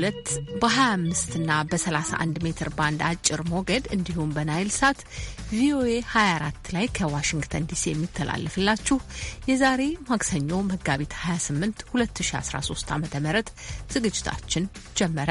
በ በ25 እና በ31 ሜትር ባንድ አጭር ሞገድ እንዲሁም በናይል ሳት ቪኦኤ 24 ላይ ከዋሽንግተን ዲሲ የሚተላለፍላችሁ የዛሬ ማክሰኞ መጋቢት 28 2013 ዓ ም ዝግጅታችን ጀመረ።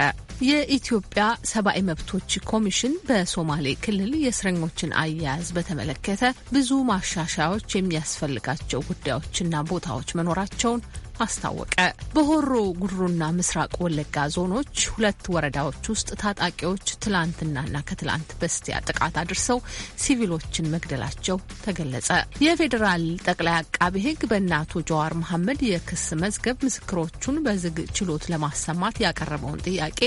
የኢትዮጵያ ሰብአዊ መብቶች ኮሚሽን በሶማሌ ክልል የእስረኞችን አያያዝ በተመለከተ ብዙ ማሻሻያዎች የሚያስፈልጋቸው ጉዳዮችና ቦታዎች መኖራቸውን አስታወቀ። በሆሮ ጉድሩና ምስራቅ ወለጋ ዞኖች ሁለት ወረዳዎች ውስጥ ታጣቂዎች ትላንትናና ከትላንት በስቲያ ጥቃት አድርሰው ሲቪሎችን መግደላቸው ተገለጸ። የፌዴራል ጠቅላይ አቃቤ ሕግ በእነ አቶ ጀዋር መሐመድ የክስ መዝገብ ምስክሮቹን በዝግ ችሎት ለማሰማት ያቀረበውን ጥያቄ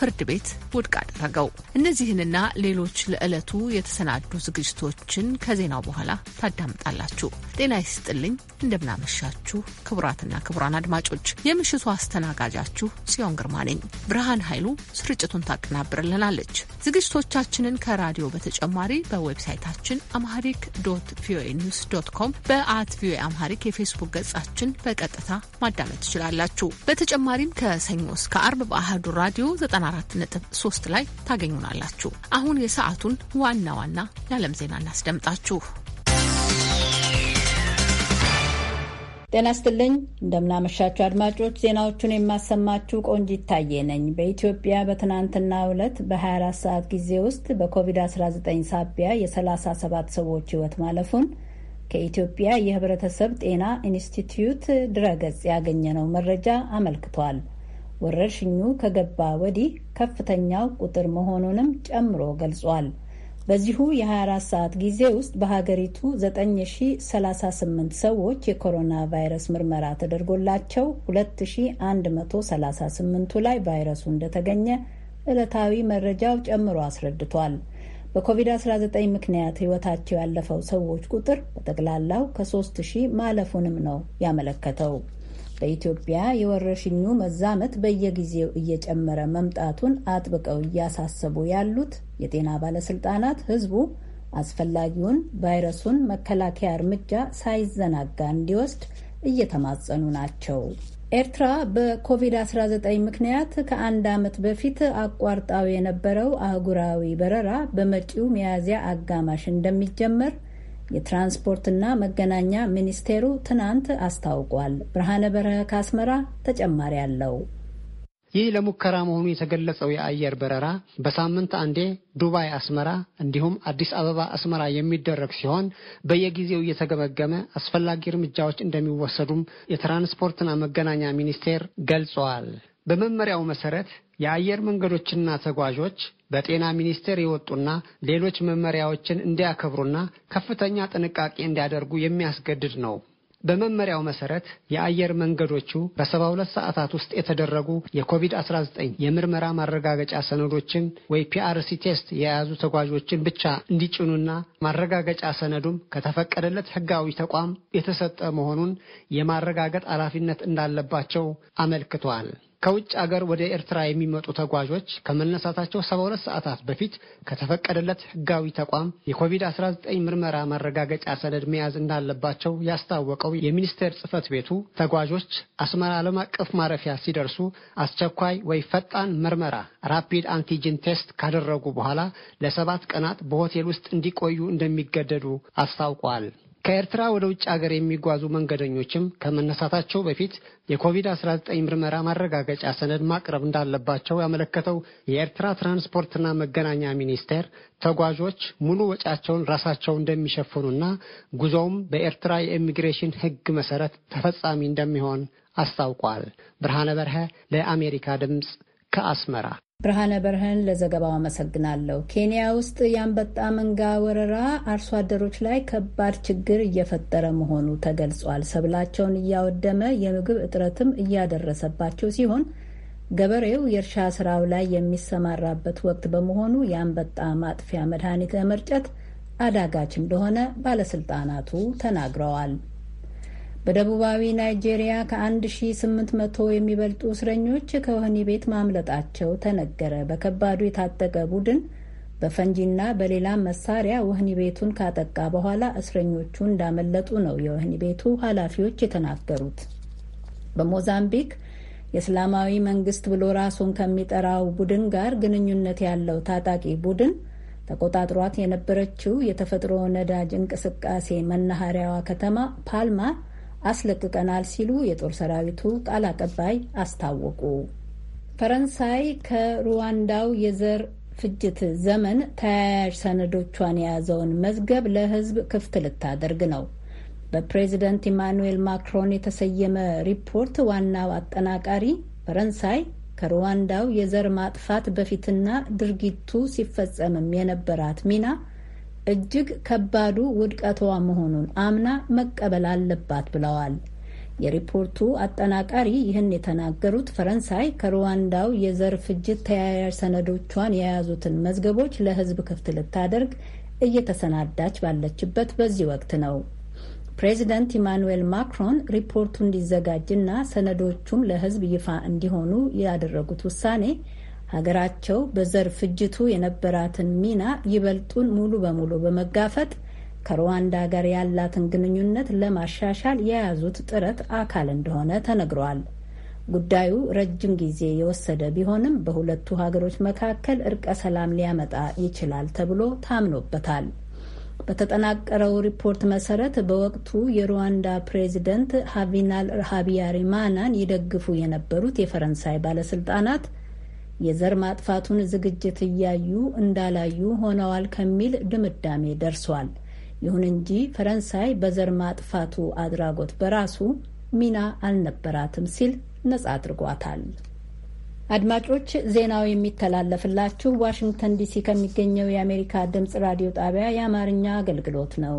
ፍርድ ቤት ውድቅ አደረገው። እነዚህንና ሌሎች ለዕለቱ የተሰናዱ ዝግጅቶችን ከዜናው በኋላ ታዳምጣላችሁ። ጤና ይስጥልኝ፣ እንደምናመሻችሁ ክቡራትና ክቡራን አድማጮች የምሽቱ አስተናጋጃችሁ ጽዮን ግርማ ነኝ። ብርሃን ኃይሉ ስርጭቱን ታቀናብርልናለች። ዝግጅቶቻችንን ከራዲዮ በተጨማሪ በዌብሳይታችን አምሃሪክ ዶት ቪኦኤ ኒውስ ዶት ኮም በአት ቪኦኤ አምሃሪክ የፌስቡክ ገጻችን በቀጥታ ማዳመጥ ትችላላችሁ። በተጨማሪም ከሰኞ እስከ አርብ በአህዱ ራዲዮ 94.3 ላይ ታገኙናላችሁ። አሁን የሰዓቱን ዋና ዋና የዓለም ዜና እናስደምጣችሁ። ጤና ስትልኝ እንደምናመሻችሁ አድማጮች፣ ዜናዎቹን የማሰማችሁ ቆንጅ ይታየ ነኝ። በኢትዮጵያ በትናንትና ዕለት በ24 ሰዓት ጊዜ ውስጥ በኮቪድ-19 ሳቢያ የ37 ሰዎች ህይወት ማለፉን ከኢትዮጵያ የህብረተሰብ ጤና ኢንስቲትዩት ድረገጽ ያገኘነው መረጃ አመልክቷል። ወረርሽኙ ከገባ ወዲህ ከፍተኛው ቁጥር መሆኑንም ጨምሮ ገልጿል። በዚሁ የ24 ሰዓት ጊዜ ውስጥ በሀገሪቱ 9038 ሰዎች የኮሮና ቫይረስ ምርመራ ተደርጎላቸው 2138ቱ ላይ ቫይረሱ እንደተገኘ ዕለታዊ መረጃው ጨምሮ አስረድቷል። በኮቪድ-19 ምክንያት ሕይወታቸው ያለፈው ሰዎች ቁጥር በጠቅላላው ከ3000 ማለፉንም ነው ያመለከተው። በኢትዮጵያ የወረርሽኙ መዛመት በየጊዜው እየጨመረ መምጣቱን አጥብቀው እያሳሰቡ ያሉት የጤና ባለስልጣናት ህዝቡ አስፈላጊውን ቫይረሱን መከላከያ እርምጃ ሳይዘናጋ እንዲወስድ እየተማጸኑ ናቸው። ኤርትራ በኮቪድ-19 ምክንያት ከአንድ ዓመት በፊት አቋርጣው የነበረው አህጉራዊ በረራ በመጪው ሚያዝያ አጋማሽ እንደሚጀመር የትራንስፖርትና መገናኛ ሚኒስቴሩ ትናንት አስታውቋል። ብርሃነ በረሀ ከአስመራ ተጨማሪ አለው። ይህ ለሙከራ መሆኑ የተገለጸው የአየር በረራ በሳምንት አንዴ ዱባይ አስመራ፣ እንዲሁም አዲስ አበባ አስመራ የሚደረግ ሲሆን በየጊዜው እየተገመገመ አስፈላጊ እርምጃዎች እንደሚወሰዱም የትራንስፖርትና መገናኛ ሚኒስቴር ገልጸዋል። በመመሪያው መሰረት የአየር መንገዶችና ተጓዦች በጤና ሚኒስቴር የወጡና ሌሎች መመሪያዎችን እንዲያከብሩና ከፍተኛ ጥንቃቄ እንዲያደርጉ የሚያስገድድ ነው። በመመሪያው መሰረት የአየር መንገዶቹ በ72 ሰዓታት ውስጥ የተደረጉ የኮቪድ-19 የምርመራ ማረጋገጫ ሰነዶችን ወይ ፒአርሲ ቴስት የያዙ ተጓዦችን ብቻ እንዲጭኑና ማረጋገጫ ሰነዱም ከተፈቀደለት ሕጋዊ ተቋም የተሰጠ መሆኑን የማረጋገጥ ኃላፊነት እንዳለባቸው አመልክቷል። ከውጭ አገር ወደ ኤርትራ የሚመጡ ተጓዦች ከመነሳታቸው 72 ሰዓታት በፊት ከተፈቀደለት ሕጋዊ ተቋም የኮቪድ-19 ምርመራ ማረጋገጫ ሰነድ መያዝ እንዳለባቸው ያስታወቀው የሚኒስቴር ጽፈት ቤቱ ተጓዦች አስመራ ዓለም አቀፍ ማረፊያ ሲደርሱ አስቸኳይ ወይ ፈጣን ምርመራ ራፒድ አንቲጂን ቴስት ካደረጉ በኋላ ለሰባት ቀናት በሆቴል ውስጥ እንዲቆዩ እንደሚገደዱ አስታውቋል። ከኤርትራ ወደ ውጭ ሀገር የሚጓዙ መንገደኞችም ከመነሳታቸው በፊት የኮቪድ-19 ምርመራ ማረጋገጫ ሰነድ ማቅረብ እንዳለባቸው ያመለከተው የኤርትራ ትራንስፖርትና መገናኛ ሚኒስቴር ተጓዦች ሙሉ ወጪያቸውን ራሳቸው እንደሚሸፍኑና ጉዞውም በኤርትራ የኢሚግሬሽን ሕግ መሰረት ተፈጻሚ እንደሚሆን አስታውቋል። ብርሃነ በርሀ ለአሜሪካ ድምፅ ከአስመራ ብርሃነ በርህን ለዘገባው አመሰግናለሁ። ኬንያ ውስጥ የአንበጣ መንጋ ወረራ አርሶ አደሮች ላይ ከባድ ችግር እየፈጠረ መሆኑ ተገልጿል። ሰብላቸውን እያወደመ የምግብ እጥረትም እያደረሰባቸው ሲሆን ገበሬው የእርሻ ስራው ላይ የሚሰማራበት ወቅት በመሆኑ የአንበጣ ማጥፊያ መድኃኒት ለመርጨት አዳጋች እንደሆነ ባለስልጣናቱ ተናግረዋል። በደቡባዊ ናይጄሪያ ከ1800 የሚበልጡ እስረኞች ከወህኒ ቤት ማምለጣቸው ተነገረ። በከባዱ የታጠቀ ቡድን በፈንጂና በሌላ መሳሪያ ወህኒ ቤቱን ካጠቃ በኋላ እስረኞቹ እንዳመለጡ ነው የወህኒ ቤቱ ኃላፊዎች የተናገሩት። በሞዛምቢክ የእስላማዊ መንግስት ብሎ ራሱን ከሚጠራው ቡድን ጋር ግንኙነት ያለው ታጣቂ ቡድን ተቆጣጥሯት የነበረችው የተፈጥሮ ነዳጅ እንቅስቃሴ መናኸሪያዋ ከተማ ፓልማ አስለቅቀናል ሲሉ የጦር ሰራዊቱ ቃል አቀባይ አስታወቁ። ፈረንሳይ ከሩዋንዳው የዘር ፍጅት ዘመን ተያያዥ ሰነዶቿን የያዘውን መዝገብ ለሕዝብ ክፍት ልታደርግ ነው። በፕሬዚደንት ኢማኑኤል ማክሮን የተሰየመ ሪፖርት ዋናው አጠናቃሪ ፈረንሳይ ከሩዋንዳው የዘር ማጥፋት በፊትና ድርጊቱ ሲፈጸምም የነበራት ሚና እጅግ ከባዱ ውድቀቷ መሆኑን አምና መቀበል አለባት ብለዋል። የሪፖርቱ አጠናቃሪ ይህን የተናገሩት ፈረንሳይ ከሩዋንዳው የዘር ፍጅት ተያያዥ ሰነዶቿን የያዙትን መዝገቦች ለሕዝብ ክፍት ልታደርግ እየተሰናዳች ባለችበት በዚህ ወቅት ነው። ፕሬዚደንት ኢማኑዌል ማክሮን ሪፖርቱ እንዲዘጋጅና ሰነዶቹም ለሕዝብ ይፋ እንዲሆኑ ያደረጉት ውሳኔ ሀገራቸው በዘር ፍጅቱ የነበራትን ሚና ይበልጡን ሙሉ በሙሉ በመጋፈጥ ከሩዋንዳ ጋር ያላትን ግንኙነት ለማሻሻል የያዙት ጥረት አካል እንደሆነ ተነግሯል። ጉዳዩ ረጅም ጊዜ የወሰደ ቢሆንም በሁለቱ ሀገሮች መካከል እርቀ ሰላም ሊያመጣ ይችላል ተብሎ ታምኖበታል። በተጠናቀረው ሪፖርት መሰረት በወቅቱ የሩዋንዳ ፕሬዚደንት ሀቪናል ሀቢያሪማናን ይደግፉ የነበሩት የፈረንሳይ ባለስልጣናት የዘር ማጥፋቱን ዝግጅት እያዩ እንዳላዩ ሆነዋል ከሚል ድምዳሜ ደርሷል። ይሁን እንጂ ፈረንሳይ በዘር ማጥፋቱ አድራጎት በራሱ ሚና አልነበራትም ሲል ነጻ አድርጓታል። አድማጮች፣ ዜናው የሚተላለፍላችሁ ዋሽንግተን ዲሲ ከሚገኘው የአሜሪካ ድምፅ ራዲዮ ጣቢያ የአማርኛ አገልግሎት ነው።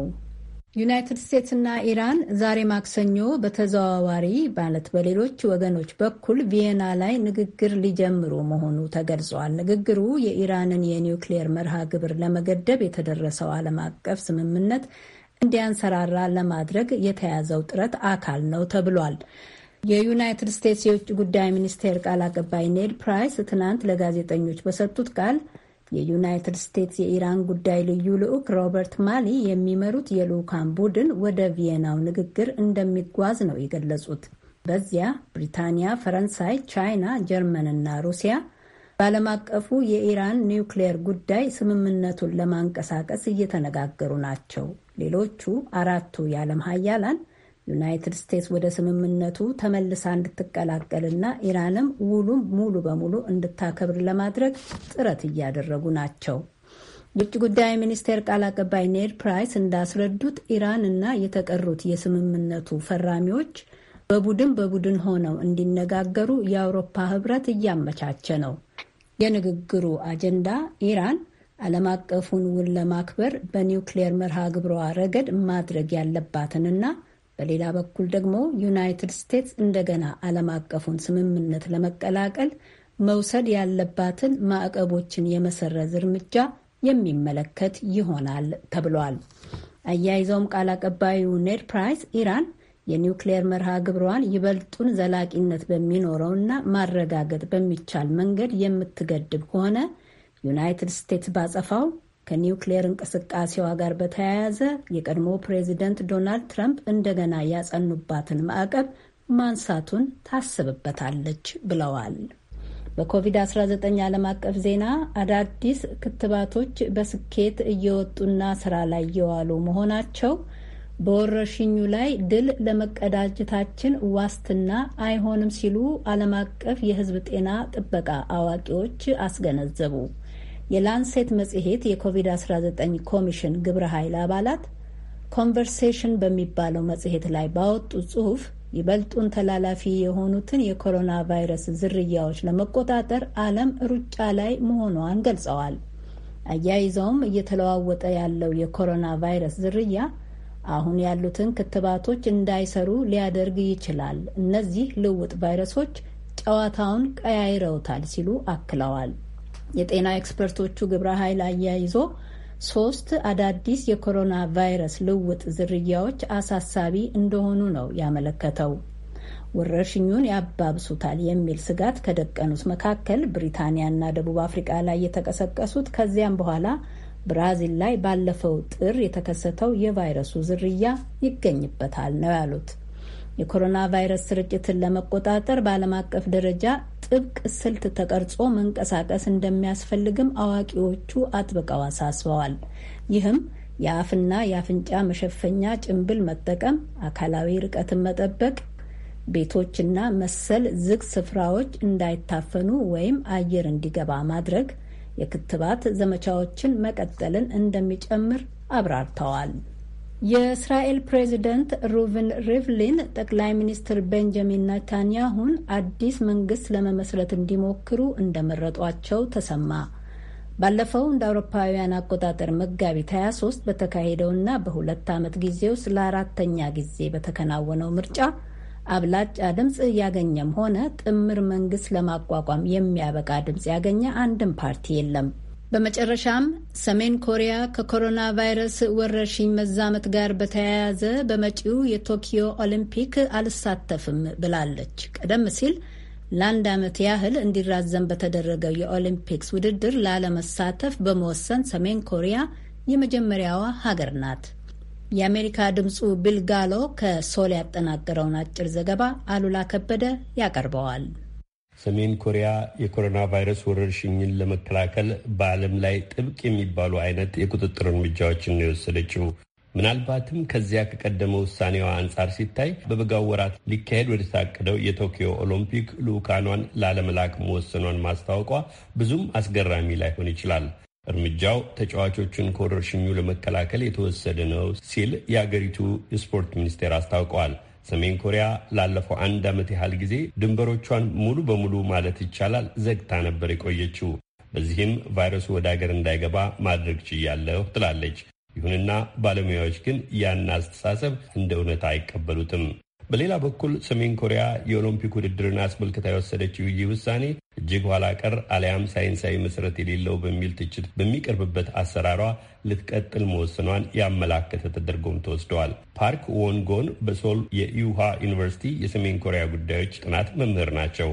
ዩናይትድ እና ኢራን ዛሬ ማክሰኞ በተዘዋዋሪ ማለት በሌሎች ወገኖች በኩል ቪየና ላይ ንግግር ሊጀምሩ መሆኑ ተገልጿል። ንግግሩ የኢራንን የኒውክሌር መርሃ ግብር ለመገደብ የተደረሰው ዓለም አቀፍ ስምምነት እንዲያንሰራራ ለማድረግ የተያዘው ጥረት አካል ነው ተብሏል። የዩናይትድ ስቴትስ የውጭ ጉዳይ ሚኒስቴር ቃል አቀባይ ኔድ ፕራይስ ትናንት ለጋዜጠኞች በሰጡት ቃል የዩናይትድ ስቴትስ የኢራን ጉዳይ ልዩ ልዑክ ሮበርት ማሊ የሚመሩት የልዑካን ቡድን ወደ ቪየናው ንግግር እንደሚጓዝ ነው የገለጹት። በዚያ ብሪታንያ፣ ፈረንሳይ፣ ቻይና፣ ጀርመንና ሩሲያ በዓለም አቀፉ የኢራን ኒውክሌር ጉዳይ ስምምነቱን ለማንቀሳቀስ እየተነጋገሩ ናቸው። ሌሎቹ አራቱ የዓለም ሀያላን ዩናይትድ ስቴትስ ወደ ስምምነቱ ተመልሳ እንድትቀላቀልና ኢራንም ውሉም ሙሉ በሙሉ እንድታከብር ለማድረግ ጥረት እያደረጉ ናቸው። ውጭ ጉዳይ ሚኒስቴር ቃል አቀባይ ኔድ ፕራይስ እንዳስረዱት ኢራን እና የተቀሩት የስምምነቱ ፈራሚዎች በቡድን በቡድን ሆነው እንዲነጋገሩ የአውሮፓ ህብረት እያመቻቸ ነው። የንግግሩ አጀንዳ ኢራን ዓለም አቀፉን ውል ለማክበር በኒውክሌር መርሃ ግብሯ ረገድ ማድረግ ያለባትንና በሌላ በኩል ደግሞ ዩናይትድ ስቴትስ እንደገና ዓለም አቀፉን ስምምነት ለመቀላቀል መውሰድ ያለባትን ማዕቀቦችን የመሰረዝ እርምጃ የሚመለከት ይሆናል ተብሏል። አያይዘውም ቃል አቀባዩ ኔድ ፕራይስ ኢራን የኒውክሌር መርሃ ግብሯን ይበልጡን ዘላቂነት በሚኖረውና ማረጋገጥ በሚቻል መንገድ የምትገድብ ከሆነ ዩናይትድ ስቴትስ ባጸፋው ከኒውክሌር እንቅስቃሴዋ ጋር በተያያዘ የቀድሞ ፕሬዚደንት ዶናልድ ትራምፕ እንደገና ያጸኑባትን ማዕቀብ ማንሳቱን ታስብበታለች ብለዋል። በኮቪድ-19 ዓለም አቀፍ ዜና አዳዲስ ክትባቶች በስኬት እየወጡና ስራ ላይ እየዋሉ መሆናቸው በወረርሽኙ ላይ ድል ለመቀዳጀታችን ዋስትና አይሆንም ሲሉ ዓለም አቀፍ የሕዝብ ጤና ጥበቃ አዋቂዎች አስገነዘቡ። የላንሴት መጽሔት የኮቪድ-19 ኮሚሽን ግብረ ኃይል አባላት ኮንቨርሴሽን በሚባለው መጽሔት ላይ ባወጡ ጽሑፍ ይበልጡን ተላላፊ የሆኑትን የኮሮና ቫይረስ ዝርያዎች ለመቆጣጠር ዓለም ሩጫ ላይ መሆኗን ገልጸዋል። አያይዘውም እየተለዋወጠ ያለው የኮሮና ቫይረስ ዝርያ አሁን ያሉትን ክትባቶች እንዳይሰሩ ሊያደርግ ይችላል። እነዚህ ልውጥ ቫይረሶች ጨዋታውን ቀያይረውታል ሲሉ አክለዋል። የጤና ኤክስፐርቶቹ ግብረ ኃይል አያይዞ ሶስት አዳዲስ የኮሮና ቫይረስ ልውጥ ዝርያዎች አሳሳቢ እንደሆኑ ነው ያመለከተው። ወረርሽኙን ያባብሱታል የሚል ስጋት ከደቀኑት መካከል ብሪታንያና ደቡብ አፍሪቃ ላይ የተቀሰቀሱት ከዚያም በኋላ ብራዚል ላይ ባለፈው ጥር የተከሰተው የቫይረሱ ዝርያ ይገኝበታል ነው ያሉት። የኮሮና ቫይረስ ስርጭትን ለመቆጣጠር በዓለም አቀፍ ደረጃ ጥብቅ ስልት ተቀርጾ መንቀሳቀስ እንደሚያስፈልግም አዋቂዎቹ አጥብቀው አሳስበዋል። ይህም የአፍና የአፍንጫ መሸፈኛ ጭንብል መጠቀም፣ አካላዊ ርቀትን መጠበቅ፣ ቤቶችና መሰል ዝግ ስፍራዎች እንዳይታፈኑ ወይም አየር እንዲገባ ማድረግ፣ የክትባት ዘመቻዎችን መቀጠልን እንደሚጨምር አብራርተዋል። የእስራኤል ፕሬዚደንት ሩቨን ሪቭሊን ጠቅላይ ሚኒስትር ቤንጃሚን ነታንያሁን አዲስ መንግስት ለመመስረት እንዲሞክሩ እንደመረጧቸው ተሰማ። ባለፈው እንደ አውሮፓውያን አቆጣጠር መጋቢት 23 በተካሄደውና በሁለት ዓመት ጊዜ ውስጥ ለአራተኛ ጊዜ በተከናወነው ምርጫ አብላጫ ድምፅ ያገኘም ሆነ ጥምር መንግስት ለማቋቋም የሚያበቃ ድምፅ ያገኘ አንድም ፓርቲ የለም። በመጨረሻም ሰሜን ኮሪያ ከኮሮና ቫይረስ ወረርሽኝ መዛመት ጋር በተያያዘ በመጪው የቶኪዮ ኦሊምፒክ አልሳተፍም ብላለች። ቀደም ሲል ለአንድ ዓመት ያህል እንዲራዘም በተደረገው የኦሊምፒክስ ውድድር ላለመሳተፍ በመወሰን ሰሜን ኮሪያ የመጀመሪያዋ ሀገር ናት። የአሜሪካ ድምፁ ቢል ጋሎ ከሶል ያጠናቀረውን አጭር ዘገባ አሉላ ከበደ ያቀርበዋል። ሰሜን ኮሪያ የኮሮና ቫይረስ ወረርሽኝን ለመከላከል በዓለም ላይ ጥብቅ የሚባሉ አይነት የቁጥጥር እርምጃዎችን ነው የወሰደችው። ምናልባትም ከዚያ ከቀደመ ውሳኔዋ አንጻር ሲታይ በበጋው ወራት ሊካሄድ ወደታቀደው የቶኪዮ ኦሎምፒክ ልዑካኗን ላለመላክ መወሰኗን ማስታወቋ ብዙም አስገራሚ ላይሆን ይችላል። እርምጃው ተጫዋቾቹን ከወረርሽኙ ለመከላከል የተወሰደ ነው ሲል የአገሪቱ የስፖርት ሚኒስቴር አስታውቀዋል። ሰሜን ኮሪያ ላለፈው አንድ ዓመት ያህል ጊዜ ድንበሮቿን ሙሉ በሙሉ ማለት ይቻላል ዘግታ ነበር የቆየችው። በዚህም ቫይረሱ ወደ አገር እንዳይገባ ማድረግ ችያለሁ ትላለች። ይሁንና ባለሙያዎች ግን ያን አስተሳሰብ እንደ እውነት አይቀበሉትም። በሌላ በኩል ሰሜን ኮሪያ የኦሎምፒክ ውድድርን አስመልክታ የወሰደችው ይህ ውሳኔ እጅግ ኋላ ቀር አሊያም ሳይንሳዊ መሰረት የሌለው በሚል ትችት በሚቀርብበት አሰራሯ ልትቀጥል መወሰኗን ያመላከተ ተደርጎም ተወስደዋል። ፓርክ ወንጎን በሶል የኢውሃ ዩኒቨርሲቲ የሰሜን ኮሪያ ጉዳዮች ጥናት መምህር ናቸው።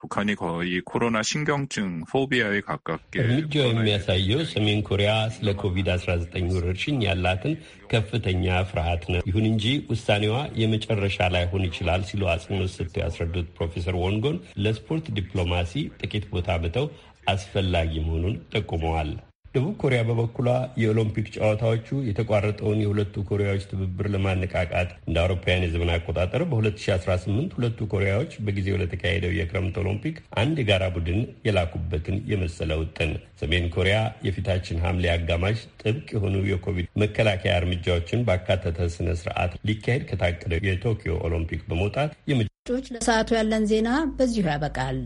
북한이 거의 코로나 신경증 포비아에 가깝게 እርምጃው የሚያሳየው ሰሜን ኮሪያ ስለ ኮቪድ-19 ወረርሽኝ ያላትን ከፍተኛ ፍርሃት ነው። ይሁን እንጂ ውሳኔዋ የመጨረሻ ላይሆን ይችላል ሲሉ አጽንኦት ሰጥተው ያስረዱት ፕሮፌሰር ወንጎን ለስፖርት ዲፕሎማሲ ጥቂት ቦታ መተው አስፈላጊ መሆኑን ጠቁመዋል። ደቡብ ኮሪያ በበኩሏ የኦሎምፒክ ጨዋታዎቹ የተቋረጠውን የሁለቱ ኮሪያዎች ትብብር ለማነቃቃት እንደ አውሮፓውያን የዘመን አቆጣጠር በ2018 ሁለቱ ኮሪያዎች በጊዜው ለተካሄደው የክረምት ኦሎምፒክ አንድ የጋራ ቡድን የላኩበትን የመሰለ ውጥን ሰሜን ኮሪያ የፊታችን ሐምሌ አጋማሽ ጥብቅ የሆኑ የኮቪድ መከላከያ እርምጃዎችን ባካተተ ስነ ስርዓት ሊካሄድ ከታቀደው የቶኪዮ ኦሎምፒክ በመውጣት የምጆች ለሰዓቱ ያለን ዜና በዚሁ ያበቃል።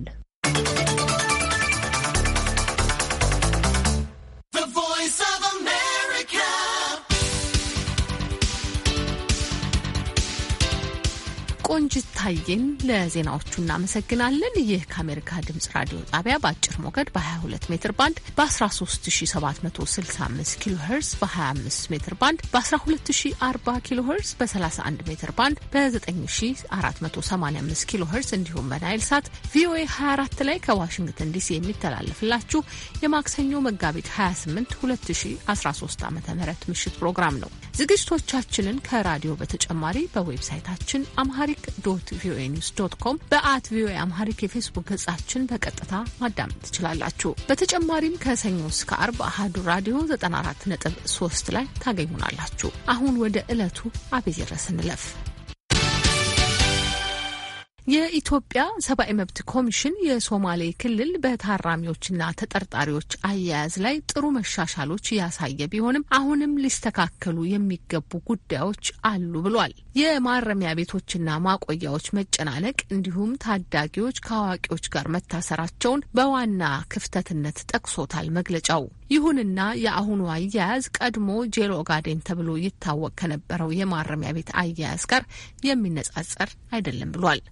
ቆንጅት ታዬን ለዜናዎቹ እናመሰግናለን። ይህ ከአሜሪካ ድምጽ ራዲዮ ጣቢያ በአጭር ሞገድ በ22 ሜትር ባንድ በ13765 ኪሎ ሄርዝ በ25 ሜትር ባንድ በ1240 ኪሎ ሄርዝ በ31 ሜትር ባንድ በ9485 ኪሎ ሄርዝ እንዲሁም በናይል ሳት ቪኦኤ 24 ላይ ከዋሽንግተን ዲሲ የሚተላለፍላችሁ የማክሰኞ መጋቢት 28 2013 ዓ ም ምሽት ፕሮግራም ነው። ዝግጅቶቻችንን ከራዲዮ በተጨማሪ በዌብሳይታችን አምሃሪክ ዶት ቪኦኤ ኒውስ ዶት ኮም፣ በአት ቪኦኤ አምሃሪክ የፌስቡክ ገጻችን በቀጥታ ማዳመጥ ትችላላችሁ። በተጨማሪም ከሰኞ እስከ አርብ አህዱ ራዲዮ 94.3 ላይ ታገኙናላችሁ። አሁን ወደ ዕለቱ አብይ ርዕስ እንለፍ። የኢትዮጵያ ሰብአዊ መብት ኮሚሽን የሶማሌ ክልል በታራሚዎችና ተጠርጣሪዎች አያያዝ ላይ ጥሩ መሻሻሎች ያሳየ ቢሆንም አሁንም ሊስተካከሉ የሚገቡ ጉዳዮች አሉ ብሏል። የማረሚያ ቤቶችና ማቆያዎች መጨናነቅ እንዲሁም ታዳጊዎች ከአዋቂዎች ጋር መታሰራቸውን በዋና ክፍተትነት ጠቅሶታል መግለጫው። ይሁንና የአሁኑ አያያዝ ቀድሞ ጄል ኦጋዴን ተብሎ ይታወቅ ከነበረው የማረሚያ ቤት አያያዝ ጋር የሚነጻጸር አይደለም ብሏል።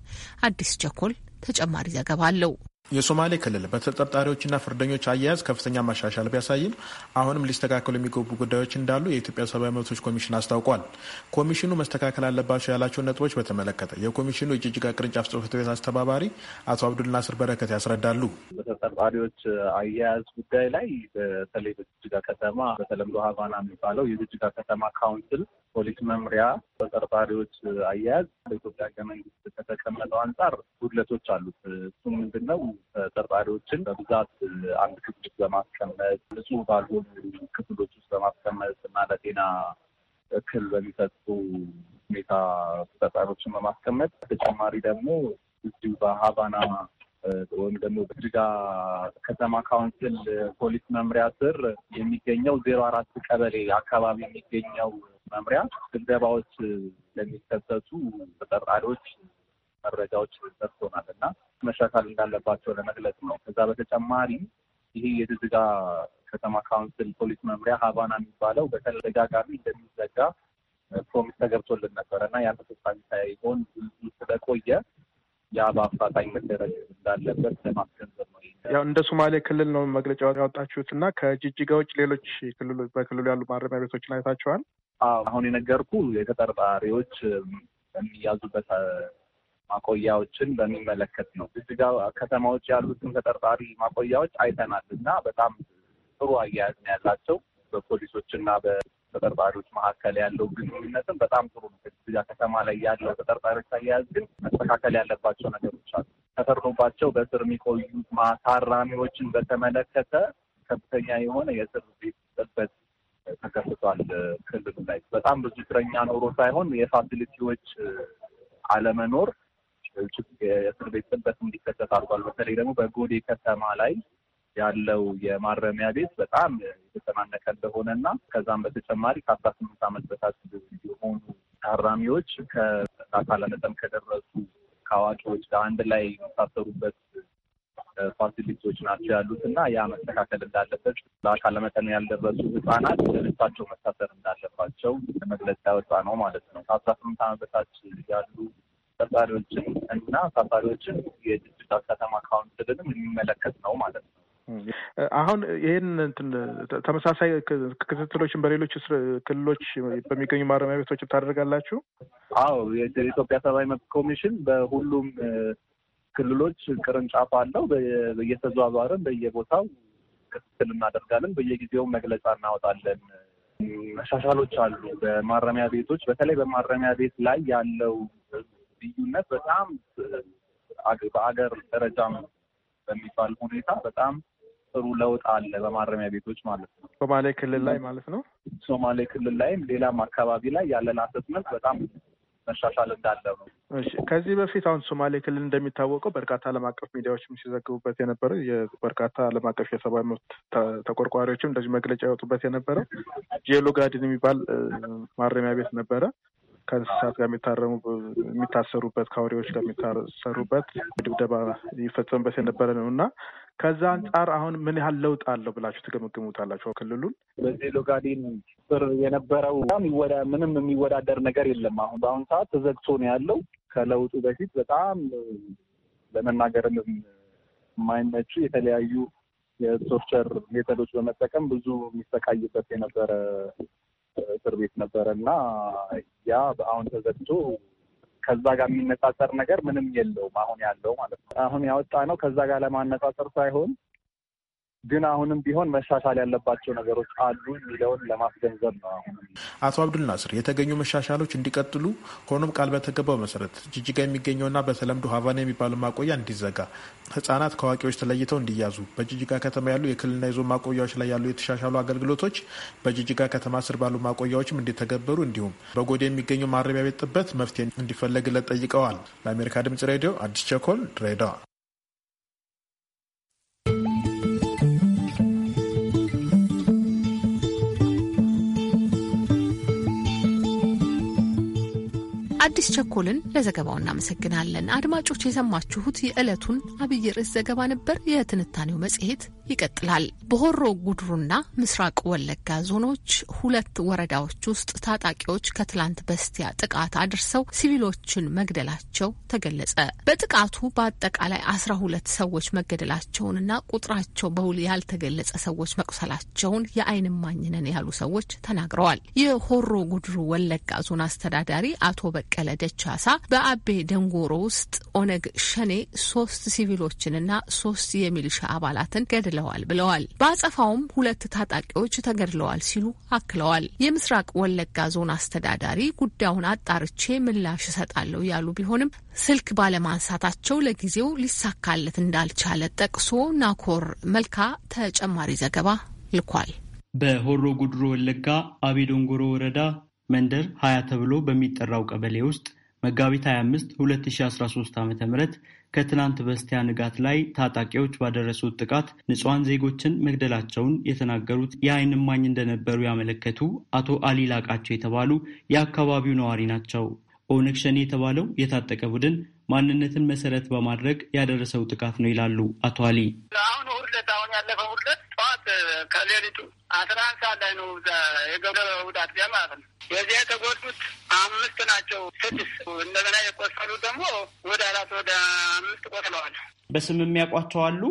አዲስ ቸኮል ተጨማሪ ዘገባ አለው። የሶማሌ ክልል በተጠርጣሪዎችና ፍርደኞች አያያዝ ከፍተኛ ማሻሻል ቢያሳይም አሁንም ሊስተካከሉ የሚገቡ ጉዳዮች እንዳሉ የኢትዮጵያ ሰብአዊ መብቶች ኮሚሽን አስታውቋል። ኮሚሽኑ መስተካከል አለባቸው ያላቸውን ነጥቦች በተመለከተ የኮሚሽኑ የጅጅጋ ቅርንጫፍ ጽሕፈት ቤት አስተባባሪ አቶ አብዱልናስር በረከት ያስረዳሉ። በተጠርጣሪዎች አያያዝ ጉዳይ ላይ በተለይ በጅጅጋ ከተማ በተለምዶ ሀቫና የሚባለው የጅጅጋ ከተማ ካውንስል ፖሊስ መምሪያ ተጠርጣሪዎች አያያዝ በኢትዮጵያ ሕገ መንግስት ከተቀመጠው አንጻር ጉድለቶች አሉት። እሱ ምንድን ነው ተጠርጣሪዎችን በብዛት አንድ ክፍል ውስጥ በማስቀመጥ ንጹህ ባልሆኑ ክፍሎች ውስጥ በማስቀመጥ እና ለጤና እክል በሚሰጡ ሁኔታ ተጠርጣሪዎችን በማስቀመጥ በተጨማሪ ደግሞ እዚሁ በሀቫና ወይም ደግሞ በጅጋ ከተማ ካውንስል ፖሊስ መምሪያ ስር የሚገኘው ዜሮ አራት ቀበሌ አካባቢ የሚገኘው መምሪያ ድብደባዎች ለሚከሰቱ ተጠርጣሪዎች መረጃዎች ደርሶናል እና መሻሻል እንዳለባቸው ለመግለጽ ነው። ከዛ በተጨማሪ ይሄ የጅግጅጋ ከተማ ካውንስል ፖሊስ መምሪያ ሀቫና የሚባለው በተደጋጋሚ እንደሚዘጋ ፕሮሚስ ተገብቶልን ነበረ እና ያን ተፈጻሚ ሳይሆን ስለቆየ ያ በአፋጣኝ መደረግ እንዳለበት ለማስገንዘብ ነው። ያው እንደ ሶማሌ ክልል ነው መግለጫ ያወጣችሁት እና ከጅጅጋ ውጭ ሌሎች ክልሎች በክልሉ ያሉ ማረሚያ ቤቶችን አይታችኋል? አሁን የነገርኩ የተጠርጣሪዎች የሚያዙበት ማቆያዎችን በሚመለከት ነው። ጅጅጋ ከተማዎች ያሉትን ተጠርጣሪ ማቆያዎች አይተናል እና በጣም ጥሩ አያያዝ ነው ያላቸው። በፖሊሶችና በተጠርጣሪዎች መካከል ያለው ግንኙነትም በጣም ጥሩ ነው። ከጅጅጋ ከተማ ላይ ያለው ተጠርጣሪዎች አያያዝ ግን መስተካከል ያለባቸው ነገሮች አሉ። ተፈርዶባቸው በእስር የሚቆዩ ታራሚዎችን በተመለከተ ከፍተኛ የሆነ የእስር ቤት ጥበት ተከስቷል። ክልሉ ላይ በጣም ብዙ እስረኛ ኖሮ ሳይሆን የፋሲሊቲዎች አለመኖር የእስር ቤት ጥበት እንዲከሰት አድርጓል። በተለይ ደግሞ በጎዴ ከተማ ላይ ያለው የማረሚያ ቤት በጣም የተጨናነቀ እንደሆነ እና ከዛም በተጨማሪ ከአስራ ስምንት ዓመት በታች የሆኑ ታራሚዎች ከአካለ መጠን ከደረሱ ከአዋቂዎች ጋር አንድ ላይ የሚሳሰሩበት ፋሲሊቲዎች ናቸው ያሉት እና ያ መስተካከል እንዳለበት ለአካለ መጠን ያልደረሱ ህጻናት ለልሳቸው መታሰር እንዳለባቸው መግለጫ ያወጣ ነው ማለት ነው። ከአስራ ስምንት ዓመት በታች ያሉ ተሳፋሪዎችን እና ሳፋሪዎችን የድጅታ ከተማ ካውንስልንም የሚመለከት ነው ማለት ነው። አሁን ይህን እንትን ተመሳሳይ ክትትሎችን በሌሎች ክልሎች በሚገኙ ማረሚያ ቤቶች ታደርጋላችሁ? አዎ የኢትዮጵያ ሰብአዊ መብት ኮሚሽን በሁሉም ክልሎች ቅርንጫፍ አለው። እየተዘዋወርን በየቦታው ክትትል እናደርጋለን። በየጊዜው መግለጫ እናወጣለን። መሻሻሎች አሉ። በማረሚያ ቤቶች በተለይ በማረሚያ ቤት ላይ ያለው ልዩነት በጣም በአገር ደረጃም በሚባል ሁኔታ በጣም ጥሩ ለውጥ አለ በማረሚያ ቤቶች ማለት ነው። ሶማሌ ክልል ላይ ማለት ነው። ሶማሌ ክልል ላይም ሌላም አካባቢ ላይ ያለን አሰስመንት በጣም መሻሻል እንዳለ ነው። እሺ ከዚህ በፊት አሁን ሶማሌ ክልል እንደሚታወቀው በርካታ ዓለም አቀፍ ሚዲያዎችም ሲዘግቡበት የነበረው በርካታ ዓለም አቀፍ የሰብአዊ መብት ተቆርቋሪዎችም እንደዚህ መግለጫ ያወጡበት የነበረው ጄሎ ጋድን የሚባል ማረሚያ ቤት ነበረ። ከእንስሳት ጋር የሚታረሙ የሚታሰሩበት ከአውሬዎች ጋር የሚታሰሩበት ድብደባ ይፈጸምበት የነበረ ነው እና ከዛ አንጻር አሁን ምን ያህል ለውጥ አለው ብላችሁ ትገመግሙታላችሁ? ክልሉን በዚህ ሎጋዴን ስር የነበረው ምንም የሚወዳደር ነገር የለም። አሁን በአሁን ሰዓት ተዘግቶ ነው ያለው። ከለውጡ በፊት በጣም ለመናገርም የማይመቹ የተለያዩ የቶርቸር ሜተዶች በመጠቀም ብዙ የሚሰቃይበት የነበረ እስር ቤት ነበረ እና ያ አሁን ተዘግቶ ከዛ ጋር የሚነጻጸር ነገር ምንም የለውም። አሁን ያለው ማለት ነው። አሁን ያወጣ ነው ከዛ ጋር ለማነጻጸር ሳይሆን ግን አሁንም ቢሆን መሻሻል ያለባቸው ነገሮች አሉ የሚለውን ለማስገንዘብ ነው። አሁን አቶ አብዱል ናስር የተገኙ መሻሻሎች እንዲቀጥሉ ሆኖም ቃል በተገባው መሰረት ጅጅጋ የሚገኘውና በተለምዶ ሀቫና የሚባለው ማቆያ እንዲዘጋ፣ ህጻናት ከአዋቂዎች ተለይተው እንዲያዙ፣ በጅጅጋ ከተማ ያሉ የክልልና የዞን ማቆያዎች ላይ ያሉ የተሻሻሉ አገልግሎቶች በጅጅጋ ከተማ ስር ባሉ ማቆያዎችም እንዲተገበሩ፣ እንዲሁም በጎዴ የሚገኘው ማረሚያ ቤት ጥበት መፍትሄ እንዲፈለግለት ጠይቀዋል። ለአሜሪካ ድምጽ ሬዲዮ አዲስ ቸኮል ድሬዳዋ አዲስ ቸኮልን ለዘገባው እናመሰግናለን። አድማጮች የሰማችሁት የዕለቱን አብይ ርዕስ ዘገባ ነበር። የትንታኔው መጽሔት ይቀጥላል። በሆሮ ጉድሩና ምስራቅ ወለጋ ዞኖች ሁለት ወረዳዎች ውስጥ ታጣቂዎች ከትላንት በስቲያ ጥቃት አድርሰው ሲቪሎችን መግደላቸው ተገለጸ። በጥቃቱ በአጠቃላይ አስራ ሁለት ሰዎች መገደላቸውንና ቁጥራቸው በውል ያልተገለጸ ሰዎች መቁሰላቸውን የዓይን እማኝ ነን ያሉ ሰዎች ተናግረዋል። የሆሮ ጉድሩ ወለጋ ዞን አስተዳዳሪ አቶ በቀ በቀለ ደቻሳ በአቤ ደንጎሮ ውስጥ ኦነግ ሸኔ ሶስት ሲቪሎችንና ሶስት የሚሊሻ አባላትን ገድለዋል ብለዋል። በአጸፋውም ሁለት ታጣቂዎች ተገድለዋል ሲሉ አክለዋል። የምስራቅ ወለጋ ዞን አስተዳዳሪ ጉዳዩን አጣርቼ ምላሽ እሰጣለሁ ያሉ ቢሆንም ስልክ ባለማንሳታቸው ለጊዜው ሊሳካለት እንዳልቻለ ጠቅሶ ናኮር መልካ ተጨማሪ ዘገባ ልኳል። በሆሮ ጉድሮ ወለጋ አቤ ዶንጎሮ ወረዳ መንደር ሀያ ተብሎ በሚጠራው ቀበሌ ውስጥ መጋቢት 25 2013 ዓ ም ከትናንት በስቲያ ንጋት ላይ ታጣቂዎች ባደረሱት ጥቃት ንጹሐን ዜጎችን መግደላቸውን የተናገሩት የዓይን እማኝ እንደነበሩ ያመለከቱ አቶ አሊ ላቃቸው የተባሉ የአካባቢው ነዋሪ ናቸው። ኦነግ ሸኔ የተባለው የታጠቀ ቡድን ማንነትን መሰረት በማድረግ ያደረሰው ጥቃት ነው ይላሉ አቶ አሊ። አሁን ሁለት አሁን ያለፈው ሁለት ከሌሊቱ አስራ አንድ ሰዓት ላይ ነው እዛ የገብረ እሑድ ማለት ነው። በዚያ የተጎዱት አምስት ናቸው፣ ስድስት እንደገና የቆሰሉት ደግሞ ወደ አራት ወደ አምስት ቆስለዋል። በስም የሚያውቋቸው አሉ።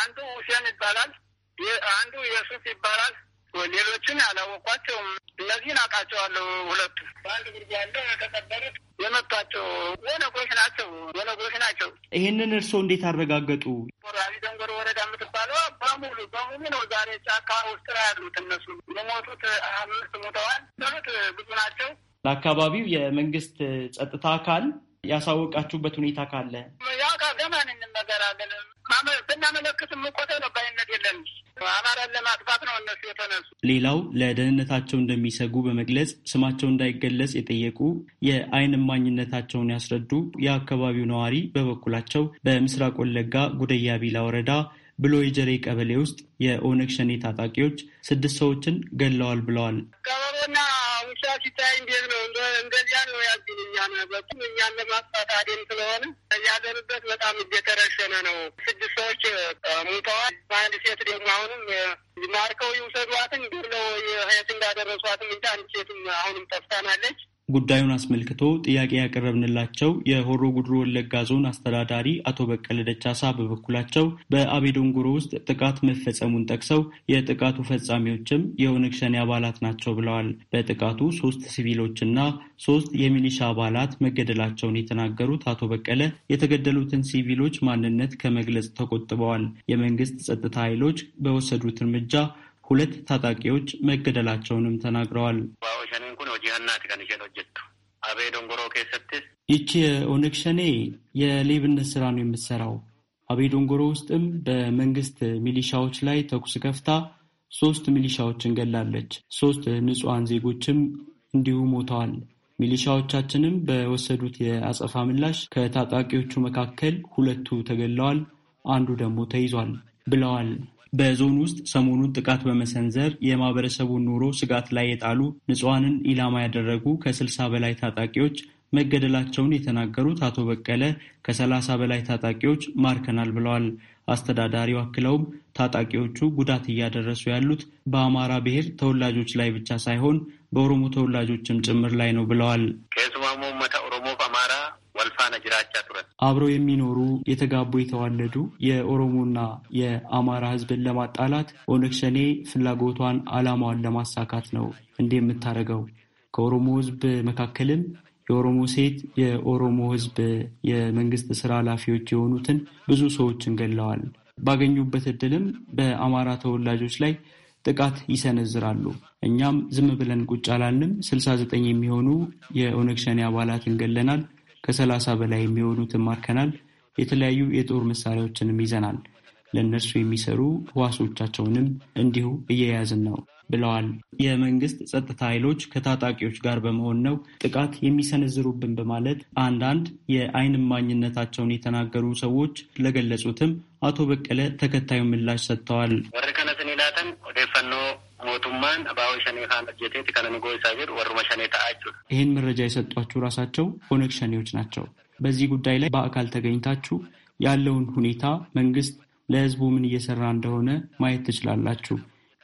አንዱ ሁሴን ይባላል፣ አንዱ የሱፍ ይባላል ሌሎችን አላወቋቸውም። እነዚህን አውቃቸዋለሁ። ሁለቱ በአንድ ጉርቢ ያለ የመቷቸው የነጎች ናቸው። የነጎች ናቸው። ይህንን እርስዎ እንዴት አረጋገጡ? ደንጎር ወረዳ የምትባለው በሙሉ በሙሉ ነው። ዛሬ ጫካ ውስጥ ነው ያሉት። እነሱ የሞቱት አምስት ሞተዋል። ሰሉት ብዙ ናቸው። ለአካባቢው የመንግስት ጸጥታ አካል ያሳወቃችሁበት ሁኔታ ካለ ያው ገማን እንነገራለን ብናመለክት እኮ ተቀባይነት የለም። አማራን ለማጥፋት ነው እነሱ የተነሱ። ሌላው ለደህንነታቸው እንደሚሰጉ በመግለጽ ስማቸው እንዳይገለጽ የጠየቁ የአይን እማኝነታቸውን ያስረዱ የአካባቢው ነዋሪ በበኩላቸው በምስራቅ ወለጋ ጉደያ ቢላ ወረዳ ብሎ የጀሬ ቀበሌ ውስጥ የኦነግ ሸኔ ታጣቂዎች ስድስት ሰዎችን ገለዋል ብለዋል። ቀበሮና ብቻ ሲታይ እንዴት ነው እንደዚያ ነው ያዝን። እኛን በኩል እኛን ለማጥፋት አደም ስለሆነ ያዘንበት በጣም እየተረሸነ ነው። ስድስት ሰዎች ሙተዋል። አንድ ሴት ደግሞ አሁንም ማርከው ይውሰዷትን ብለው የት እንዳደረሷትም እንጂ አንድ ሴትም አሁንም ጠፍታናለች። ጉዳዩን አስመልክቶ ጥያቄ ያቀረብንላቸው የሆሮ ጉድሮ ወለጋ ዞን አስተዳዳሪ አቶ በቀለ ደቻሳ በበኩላቸው በአቤዶንጉሮ ውስጥ ጥቃት መፈጸሙን ጠቅሰው የጥቃቱ ፈጻሚዎችም የኦነግ ሸኔ አባላት ናቸው ብለዋል። በጥቃቱ ሶስት ሲቪሎችና ሶስት የሚሊሻ አባላት መገደላቸውን የተናገሩት አቶ በቀለ የተገደሉትን ሲቪሎች ማንነት ከመግለጽ ተቆጥበዋል። የመንግስት ጸጥታ ኃይሎች በወሰዱት እርምጃ ሁለት ታጣቂዎች መገደላቸውንም ተናግረዋል። ይቺ የኦነግ ሸኔ የሌብነት ስራ ነው የምትሰራው። አቤ ዶንጎሮ ውስጥም በመንግስት ሚሊሻዎች ላይ ተኩስ ከፍታ ሶስት ሚሊሻዎችን ገላለች። ሶስት ንጹሐን ዜጎችም እንዲሁ ሞተዋል። ሚሊሻዎቻችንም በወሰዱት የአጸፋ ምላሽ ከታጣቂዎቹ መካከል ሁለቱ ተገለዋል፣ አንዱ ደግሞ ተይዟል ብለዋል። በዞን ውስጥ ሰሞኑን ጥቃት በመሰንዘር የማህበረሰቡን ኑሮ ስጋት ላይ የጣሉ ንጹሐንን ኢላማ ያደረጉ ከስልሳ በላይ ታጣቂዎች መገደላቸውን የተናገሩት አቶ በቀለ ከሰላሳ በላይ ታጣቂዎች ማርከናል ብለዋል። አስተዳዳሪው አክለውም ታጣቂዎቹ ጉዳት እያደረሱ ያሉት በአማራ ብሔር ተወላጆች ላይ ብቻ ሳይሆን በኦሮሞ ተወላጆችም ጭምር ላይ ነው ብለዋል። አብረው የሚኖሩ የተጋቡ የተዋለዱ የኦሮሞና የአማራ ህዝብን ለማጣላት ኦነግ ሸኔ ፍላጎቷን አላማዋን ለማሳካት ነው እንዲህ የምታደርገው። ከኦሮሞ ህዝብ መካከልም የኦሮሞ ሴት የኦሮሞ ህዝብ የመንግስት ስራ ኃላፊዎች የሆኑትን ብዙ ሰዎችን ገለዋል። ባገኙበት እድልም በአማራ ተወላጆች ላይ ጥቃት ይሰነዝራሉ። እኛም ዝም ብለን ቁጭ አላልንም። ስልሳ ዘጠኝ የሚሆኑ የኦነግ ሸኔ አባላትን ገለናል። ከሰላሳ በላይ የሚሆኑትን ማርከናል። የተለያዩ የጦር መሳሪያዎችንም ይዘናል። ለእነርሱ የሚሰሩ ህዋሶቻቸውንም እንዲሁ እየያዝን ነው ብለዋል። የመንግስት ጸጥታ ኃይሎች ከታጣቂዎች ጋር በመሆን ነው ጥቃት የሚሰነዝሩብን በማለት አንዳንድ የዓይን እማኝነታቸውን የተናገሩ ሰዎች ለገለጹትም አቶ በቀለ ተከታዩ ምላሽ ሰጥተዋል። ሞቱማን በአዊ ሸኔ ካን ጀቴት ከነንጎ ሳቢር ወሩመ ሸኔ ተአችሁ ይህን መረጃ የሰጧችሁ ራሳቸው ኦነግ ሸኔዎች ናቸው። በዚህ ጉዳይ ላይ በአካል ተገኝታችሁ ያለውን ሁኔታ መንግስት ለህዝቡ ምን እየሰራ እንደሆነ ማየት ትችላላችሁ።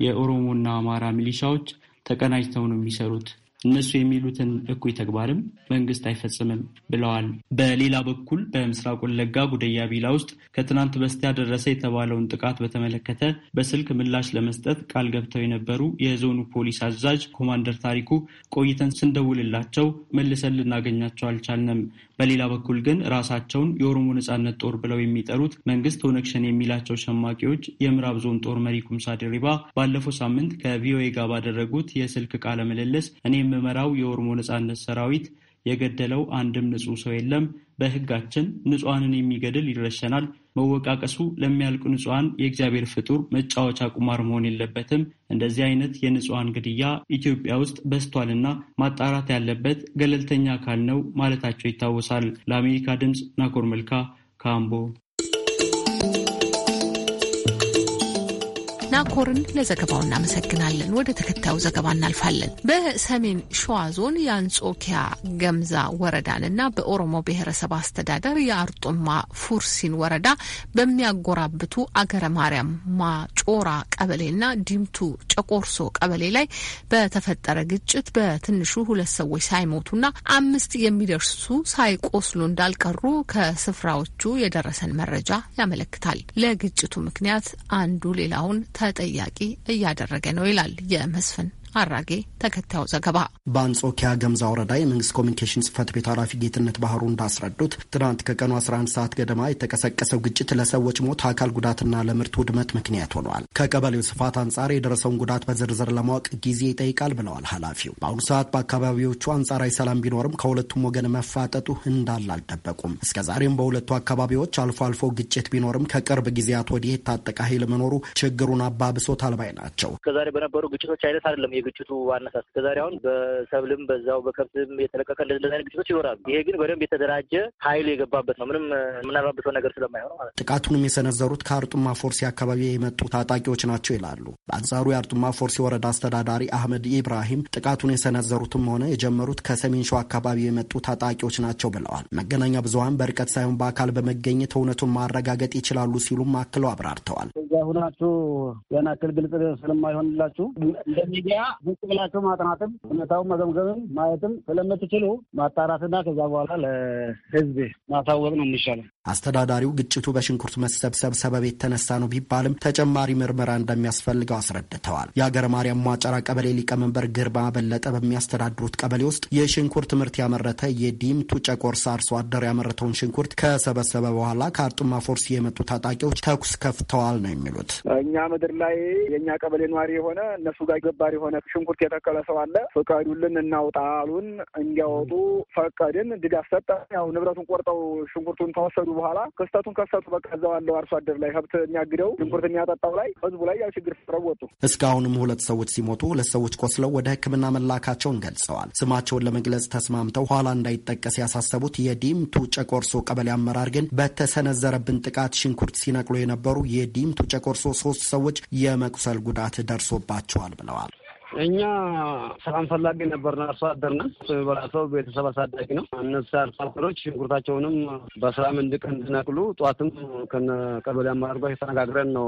የኦሮሞና አማራ ሚሊሻዎች ተቀናጅተው ነው የሚሰሩት እነሱ የሚሉትን እኩይ ተግባርም መንግስት አይፈጽምም ብለዋል። በሌላ በኩል በምስራቅ ወለጋ ጉደያ ቢላ ውስጥ ከትናንት በስቲያ ደረሰ የተባለውን ጥቃት በተመለከተ በስልክ ምላሽ ለመስጠት ቃል ገብተው የነበሩ የዞኑ ፖሊስ አዛዥ ኮማንደር ታሪኩ ቆይተን ስንደውልላቸው መልሰን ልናገኛቸው አልቻልንም። በሌላ በኩል ግን ራሳቸውን የኦሮሞ ነጻነት ጦር ብለው የሚጠሩት መንግስት ኦነግ ሸኔ የሚላቸው ሸማቂዎች የምዕራብ ዞን ጦር መሪ ኩምሳ ድሪባ ባለፈው ሳምንት ከቪኦኤ ጋር ባደረጉት የስልክ ቃለ ምልልስ እኔ የምመራው የኦሮሞ ነጻነት ሰራዊት የገደለው አንድም ንጹህ ሰው የለም በህጋችን ንጹሐንን የሚገድል ይረሸናል። መወቃቀሱ ለሚያልቁ ንጹሐን የእግዚአብሔር ፍጡር መጫወቻ ቁማር መሆን የለበትም። እንደዚህ አይነት የንጹሐን ግድያ ኢትዮጵያ ውስጥ በስቷልና ማጣራት ያለበት ገለልተኛ አካል ነው ማለታቸው ይታወሳል። ለአሜሪካ ድምፅ ናኮር መልካ ካምቦ ናኮርን ለዘገባው እናመሰግናለን። ወደ ተከታዩ ዘገባ እናልፋለን። በሰሜን ሸዋ ዞን የአንጾኪያ ገምዛ ወረዳንና በኦሮሞ ብሔረሰብ አስተዳደር የአርጡማ ፉርሲን ወረዳ በሚያጎራብቱ አገረ ማርያም ማጮራ ቀበሌና ዲምቱ ጨቆርሶ ቀበሌ ላይ በተፈጠረ ግጭት በትንሹ ሁለት ሰዎች ሳይሞቱና አምስት የሚደርሱ ሳይቆስሉ እንዳልቀሩ ከስፍራዎቹ የደረሰን መረጃ ያመለክታል። ለግጭቱ ምክንያት አንዱ ሌላውን ተጠያቂ እያደረገ ነው ይላል የመስፍን አራጌ ተከታዩ ዘገባ። በአንጾኪያ ገምዛ ወረዳ የመንግስት ኮሚኒኬሽን ጽህፈት ቤት ኃላፊ ጌትነት ባህሩ እንዳስረዱት ትናንት ከቀኑ 11 ሰዓት ገደማ የተቀሰቀሰው ግጭት ለሰዎች ሞት፣ አካል ጉዳትና ለምርት ውድመት ምክንያት ሆኗል። ከቀበሌው ስፋት አንጻር የደረሰውን ጉዳት በዝርዝር ለማወቅ ጊዜ ይጠይቃል ብለዋል ኃላፊው። በአሁኑ ሰዓት በአካባቢዎቹ አንጻራዊ ሰላም ቢኖርም ከሁለቱም ወገን መፋጠጡ እንዳለ አልደበቁም። እስከዛሬም በሁለቱ አካባቢዎች አልፎ አልፎ ግጭት ቢኖርም ከቅርብ ጊዜያት ወዲህ የታጠቀ ኃይል መኖሩ ችግሩን አባብሶታል ባይ ናቸው። እስከዛሬ በነበሩ ግጭቶች አይነት አይደለም የግጭቱ ዋና ከዛሬ አሁን በሰብልም በዛው በከብትም የተለቀቀ እንደዚህ አይነት ግጭቶች ይኖራሉ። ይሄ ግን በደንብ የተደራጀ ኃይል የገባበት ነው። ምንም የምናራብሰው ነገር ስለማይሆን ማለት ነው። ጥቃቱንም የሰነዘሩት ከአርጡማ ፎርሲ አካባቢ የመጡ ታጣቂዎች ናቸው ይላሉ። በአንጻሩ የአርጡማ ፎርሲ ወረዳ አስተዳዳሪ አህመድ ኢብራሂም ጥቃቱን የሰነዘሩትም ሆነ የጀመሩት ከሰሜን ሸዋ አካባቢ የመጡ ታጣቂዎች ናቸው ብለዋል። መገናኛ ብዙሀን በርቀት ሳይሆን በአካል በመገኘት እውነቱን ማረጋገጥ ይችላሉ ሲሉም አክለው አብራርተዋል። እዛ ሁናችሁ ያን ያክል ግልጽ ስለማይሆንላችሁ ለሚዲያ ቁጭ ብላችሁ ማጥናትም ሁኔታውን መገምገምም ማየትም ስለምትችሉ ማጣራትና ከዛ በኋላ ለህዝብ ማሳወቅ ነው የሚሻለው። አስተዳዳሪው ግጭቱ በሽንኩርት መሰብሰብ ሰበብ የተነሳ ነው ቢባልም ተጨማሪ ምርመራ እንደሚያስፈልገው አስረድተዋል። የአገረ ማርያም ሟጨራ ቀበሌ ሊቀመንበር ግርማ በለጠ በሚያስተዳድሩት ቀበሌ ውስጥ የሽንኩርት ምርት ያመረተ የዲምቱ ጨቆርሳ አርሶ አደር ያመረተውን ሽንኩርት ከሰበሰበ በኋላ ከአርጡማ ፎርስ የመጡ ታጣቂዎች ተኩስ ከፍተዋል ነው የሚሉት። እኛ ምድር ላይ የእኛ ቀበሌ ነዋሪ የሆነ እነሱ ጋር ገባር የሆነ ሽንኩርት የተከለ ሰው አለ። ፍቀዱልን እናውጣ አሉን። እንዲያወጡ ፈቀድን። ድጋፍ ሰጠ። ያው ንብረቱን ቆርጠው ሽንኩርቱን ከወሰዱ በኋላ ክስተቱን ከሰቱ። በቃ እዛው አለው አርሶ አደር ላይ ሀብት የሚያግደው ሽንኩርት የሚያጠጣው ላይ ህዝቡ ላይ ያው ችግር ፈጥረው ወጡ። እስካሁንም ሁለት ሰዎች ሲሞቱ ሁለት ሰዎች ቆስለው ወደ ሕክምና መላካቸውን ገልጸዋል። ስማቸውን ለመግለጽ ተስማምተው ኋላ እንዳይጠቀስ ያሳሰቡት የዲምቱ ጨቆርሶ ቀበሌ አመራር ግን በተሰነዘረብን ጥቃት ሽንኩርት ሲነቅሉ የነበሩ የዲምቱ ጨቆርሶ ሶስት ሰዎች የመቁሰል ጉዳት ደርሶባቸዋል ብለዋል። እኛ ሰላም ፈላጊ ነበርን። አርሶ አደር ነን። በራሰው ቤተሰብ አሳዳጊ ነው። እነዚ አርሶ አደሮች ሽንኩርታቸውንም በሰላም እንድቅ እንድነቅሉ ጠዋትም ከቀበሌ አመራር ጋር ተነጋግረን ነው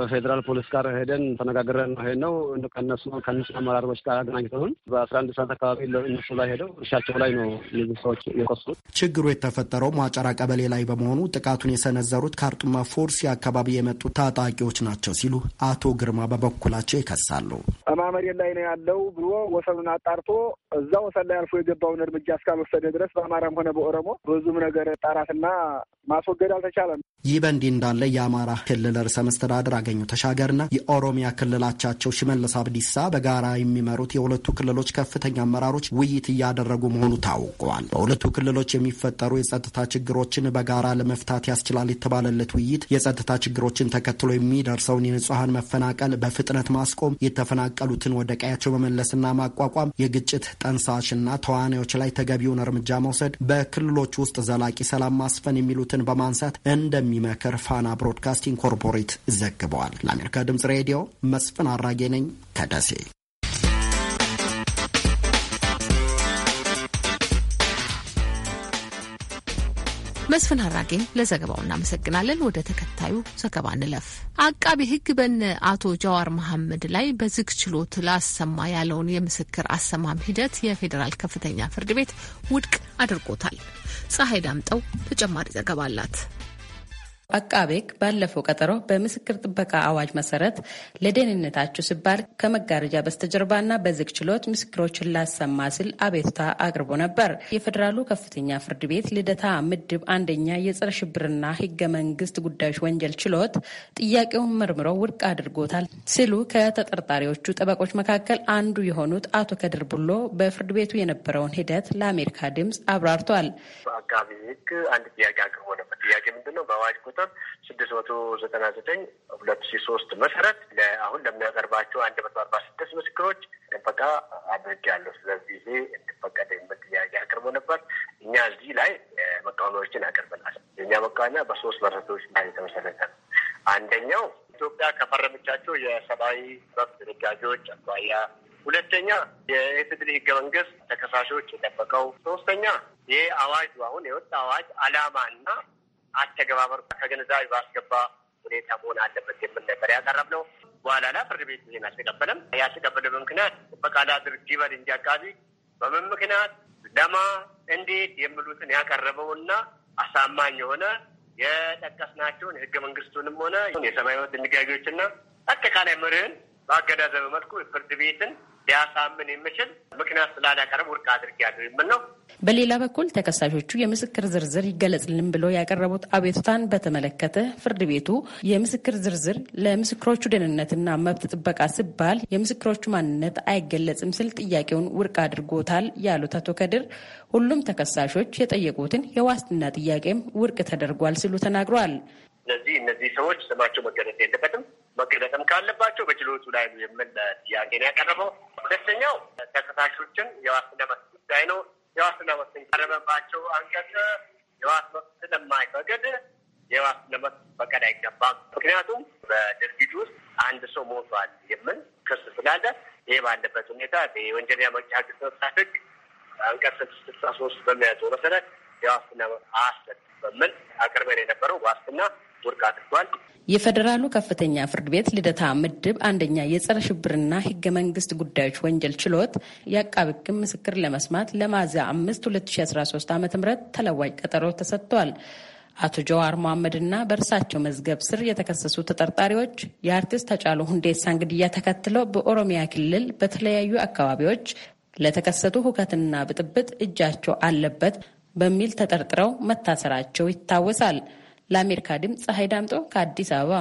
በፌዴራል ፖሊስ ጋር ሄደን ተነጋግረን ነው ሄድ ነው ከነሱ ከነሱ አመራሮች ጋር አገናኝተውን በአስራ አንድ ሰዓት አካባቢ እነሱ ላይ ሄደው እርሻቸው ላይ ነው እነዚህ ሰዎች የቆሰሉት። ችግሩ የተፈጠረው ማጨራ ቀበሌ ላይ በመሆኑ ጥቃቱን የሰነዘሩት ካርጡማ ፎርሲ አካባቢ የመጡ ታጣቂዎች ናቸው ሲሉ አቶ ግርማ በበኩላቸው ይከሳሉ። ላይ ነው ያለው ብሎ ወሰኑን አጣርቶ እዛ ወሰን ላይ አልፎ የገባውን እርምጃ እስካልወሰደ ድረስ በአማራም ሆነ በኦሮሞ ብዙም ነገር ጣራትና ማስወገድ አልተቻለም። ይህ በእንዲህ እንዳለ የአማራ ክልል ርዕሰ መስተዳድር አገኘሁ ተሻገርና የኦሮሚያ ክልላቻቸው ሽመልስ አብዲሳ በጋራ የሚመሩት የሁለቱ ክልሎች ከፍተኛ አመራሮች ውይይት እያደረጉ መሆኑ ታውቋል። በሁለቱ ክልሎች የሚፈጠሩ የጸጥታ ችግሮችን በጋራ ለመፍታት ያስችላል የተባለለት ውይይት የጸጥታ ችግሮችን ተከትሎ የሚደርሰውን የንጹሐን መፈናቀል በፍጥነት ማስቆም የተፈናቀሉትን ወደ ወደ በመለስና መመለስና ማቋቋም፣ የግጭት ጠንሳሽና ተዋናዮች ላይ ተገቢውን እርምጃ መውሰድ፣ በክልሎች ውስጥ ዘላቂ ሰላም ማስፈን የሚሉትን በማንሳት እንደሚመክር ፋና ብሮድካስቲንግ ኮርፖሬት ዘግበዋል። ለአሜሪካ ድምጽ ሬዲዮ መስፍን አራጌ ነኝ ከደሴ። መስፍን ሀራጌን ለዘገባው እናመሰግናለን። ወደ ተከታዩ ዘገባ እንለፍ። አቃቢ ሕግ በነ አቶ ጃዋር መሐመድ ላይ በዝግ ችሎት ላሰማ ያለውን የምስክር አሰማም ሂደት የፌዴራል ከፍተኛ ፍርድ ቤት ውድቅ አድርጎታል። ፀሐይ ዳምጠው ተጨማሪ ዘገባ አላት። አቃቤ ሕግ ባለፈው ቀጠሮ በምስክር ጥበቃ አዋጅ መሰረት ለደህንነታችሁ ሲባል ከመጋረጃ በስተጀርባና በዝግ ችሎት ምስክሮችን ላሰማ ሲል አቤቱታ አቅርቦ ነበር። የፌዴራሉ ከፍተኛ ፍርድ ቤት ልደታ ምድብ አንደኛ የጸረ ሽብርና ህገ መንግስት ጉዳዮች ወንጀል ችሎት ጥያቄውን መርምሮ ውድቅ አድርጎታል ሲሉ ከተጠርጣሪዎቹ ጠበቆች መካከል አንዱ የሆኑት አቶ ከድር ቡሎ በፍርድ ቤቱ የነበረውን ሂደት ለአሜሪካ ድምጽ አብራርቷል። አቃቤ ሕግ አንድ ጥያቄ አቅርቦ ነበር ጥያቄ ምንድን ነው? በአዋጅ ቁጥር ስድስት መቶ ዘጠና ዘጠኝ ሁለት ሺ ሶስት መሰረት አሁን ለሚያቀርባቸው አንድ መቶ አርባ ስድስት ምስክሮች ጥበቃ አድርጌያለሁ። ስለዚህ ይሄ እንድፈቀደ የሚል ጥያቄ አቅርቦ ነበር። እኛ እዚህ ላይ መቃወሚያዎችን አቅርበናል። የእኛ መቃወሚያ በሶስት መሰረቶች ላይ የተመሰረተ ነው። አንደኛው ኢትዮጵያ ከፈረመቻቸው የሰብአዊ መብት ድንጋጌዎች አኳያ ሁለተኛ የኢፌዴሪ ህገ መንግስት ተከሳሾች የጠበቀው፣ ሶስተኛ ይህ አዋጅ አሁን የወጣ አዋጅ አላማ እና አተገባበር ከግንዛቤ ባስገባ ሁኔታ መሆን አለበት የምል ነበር ያቀረብ ነው። በኋላ ላ ፍርድ ቤት ይህን አልተቀበለም። ያልተቀበለ ምክንያት በቃላ ድርጅ በል እንጂ አካባቢ በምን ምክንያት ለማ እንዴት የሚሉትን ያቀረበውና አሳማኝ የሆነ የጠቀስናቸውን የህገ መንግስቱንም ሆነ የሰብአዊ መብት ድንጋጌዎችና አጠቃላይ መርህን በአገዳዘበ መልኩ ፍርድ ቤትን ሊያሳምን የሚችል ምክንያት ስላላቀረብ ውድቅ አድርጌያለሁ የሚል ነው። በሌላ በኩል ተከሳሾቹ የምስክር ዝርዝር ይገለጽልን ብሎ ያቀረቡት አቤቱታን በተመለከተ ፍርድ ቤቱ የምስክር ዝርዝር ለምስክሮቹ ደህንነትና መብት ጥበቃ ሲባል የምስክሮቹ ማንነት አይገለጽም ስል ጥያቄውን ውድቅ አድርጎታል ያሉት አቶ ከድር ሁሉም ተከሳሾች የጠየቁትን የዋስትና ጥያቄም ውድቅ ተደርጓል ሲሉ ተናግረዋል። ስለዚህ እነዚህ ሰዎች ስማቸው መገለጽ የለበትም። መገለጽም ካለባቸው በችሎቱ ላይ የምን ጥያቄ ነው ያቀረበው። ሁለተኛው ተከሳሾችን የዋስትና መብት ጉዳይ ነው። የዋስትና መብት ቀረበባቸው አንቀጽ የዋስ መብት ስለማይፈቅድ የዋስትና መብት ፈቀድ አይገባም። ምክንያቱም በድርጊት ውስጥ አንድ ሰው ሞቷል የምን ክስ ስላለ ይህ ባለበት ሁኔታ የወንጀለኛ መቅጫ ሕግ ሕግ አንቀጽ ስልሳ ሶስት በሚያዘው መሰረት የዋስትና መብት አያሰጥም በሚል አቅርበን የነበረው ዋስትና ውድቅ አድርጓል። የፌዴራሉ ከፍተኛ ፍርድ ቤት ልደታ ምድብ አንደኛ የጸረ ሽብርና ሕገ መንግስት ጉዳዮች ወንጀል ችሎት የአቃቤ ምስክር ለመስማት ለሚያዝያ አምስት ሁለት ሺ አስራ ሶስት ተለዋጭ ቀጠሮ ተሰጥቷል። አቶ ጀዋር መሐመድና በእርሳቸው መዝገብ ስር የተከሰሱ ተጠርጣሪዎች የአርቲስት ሃጫሉ ሁንዴሳን ግድያ ተከትለው በኦሮሚያ ክልል በተለያዩ አካባቢዎች ለተከሰቱ ሁከትና ብጥብጥ እጃቸው አለበት በሚል ተጠርጥረው መታሰራቸው ይታወሳል። ለአሜሪካ ድምፅ ፀሐይ ዳምጦ ከአዲስ አበባ።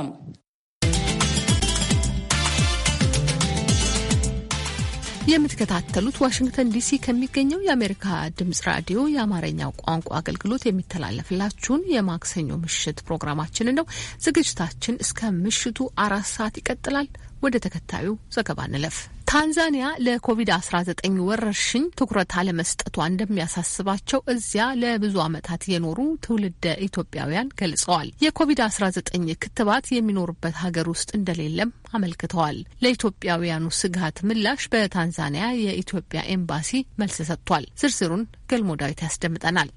የምትከታተሉት ዋሽንግተን ዲሲ ከሚገኘው የአሜሪካ ድምጽ ራዲዮ የአማርኛው ቋንቋ አገልግሎት የሚተላለፍላችሁን የማክሰኞ ምሽት ፕሮግራማችንን ነው። ዝግጅታችን እስከ ምሽቱ አራት ሰዓት ይቀጥላል። ወደ ተከታዩ ዘገባ እንለፍ። ታንዛኒያ ለኮቪድ-19 ወረርሽኝ ትኩረት አለመስጠቷ እንደሚያሳስባቸው እዚያ ለብዙ ዓመታት የኖሩ ትውልደ ኢትዮጵያውያን ገልጸዋል። የኮቪድ-19 ክትባት የሚኖርበት ሀገር ውስጥ እንደሌለም አመልክተዋል። ለኢትዮጵያውያኑ ስጋት ምላሽ በታንዛኒያ የኢትዮጵያ ኤምባሲ መልስ ሰጥቷል። ዝርዝሩን ገልሞ ዳዊት ያስደምጠናል።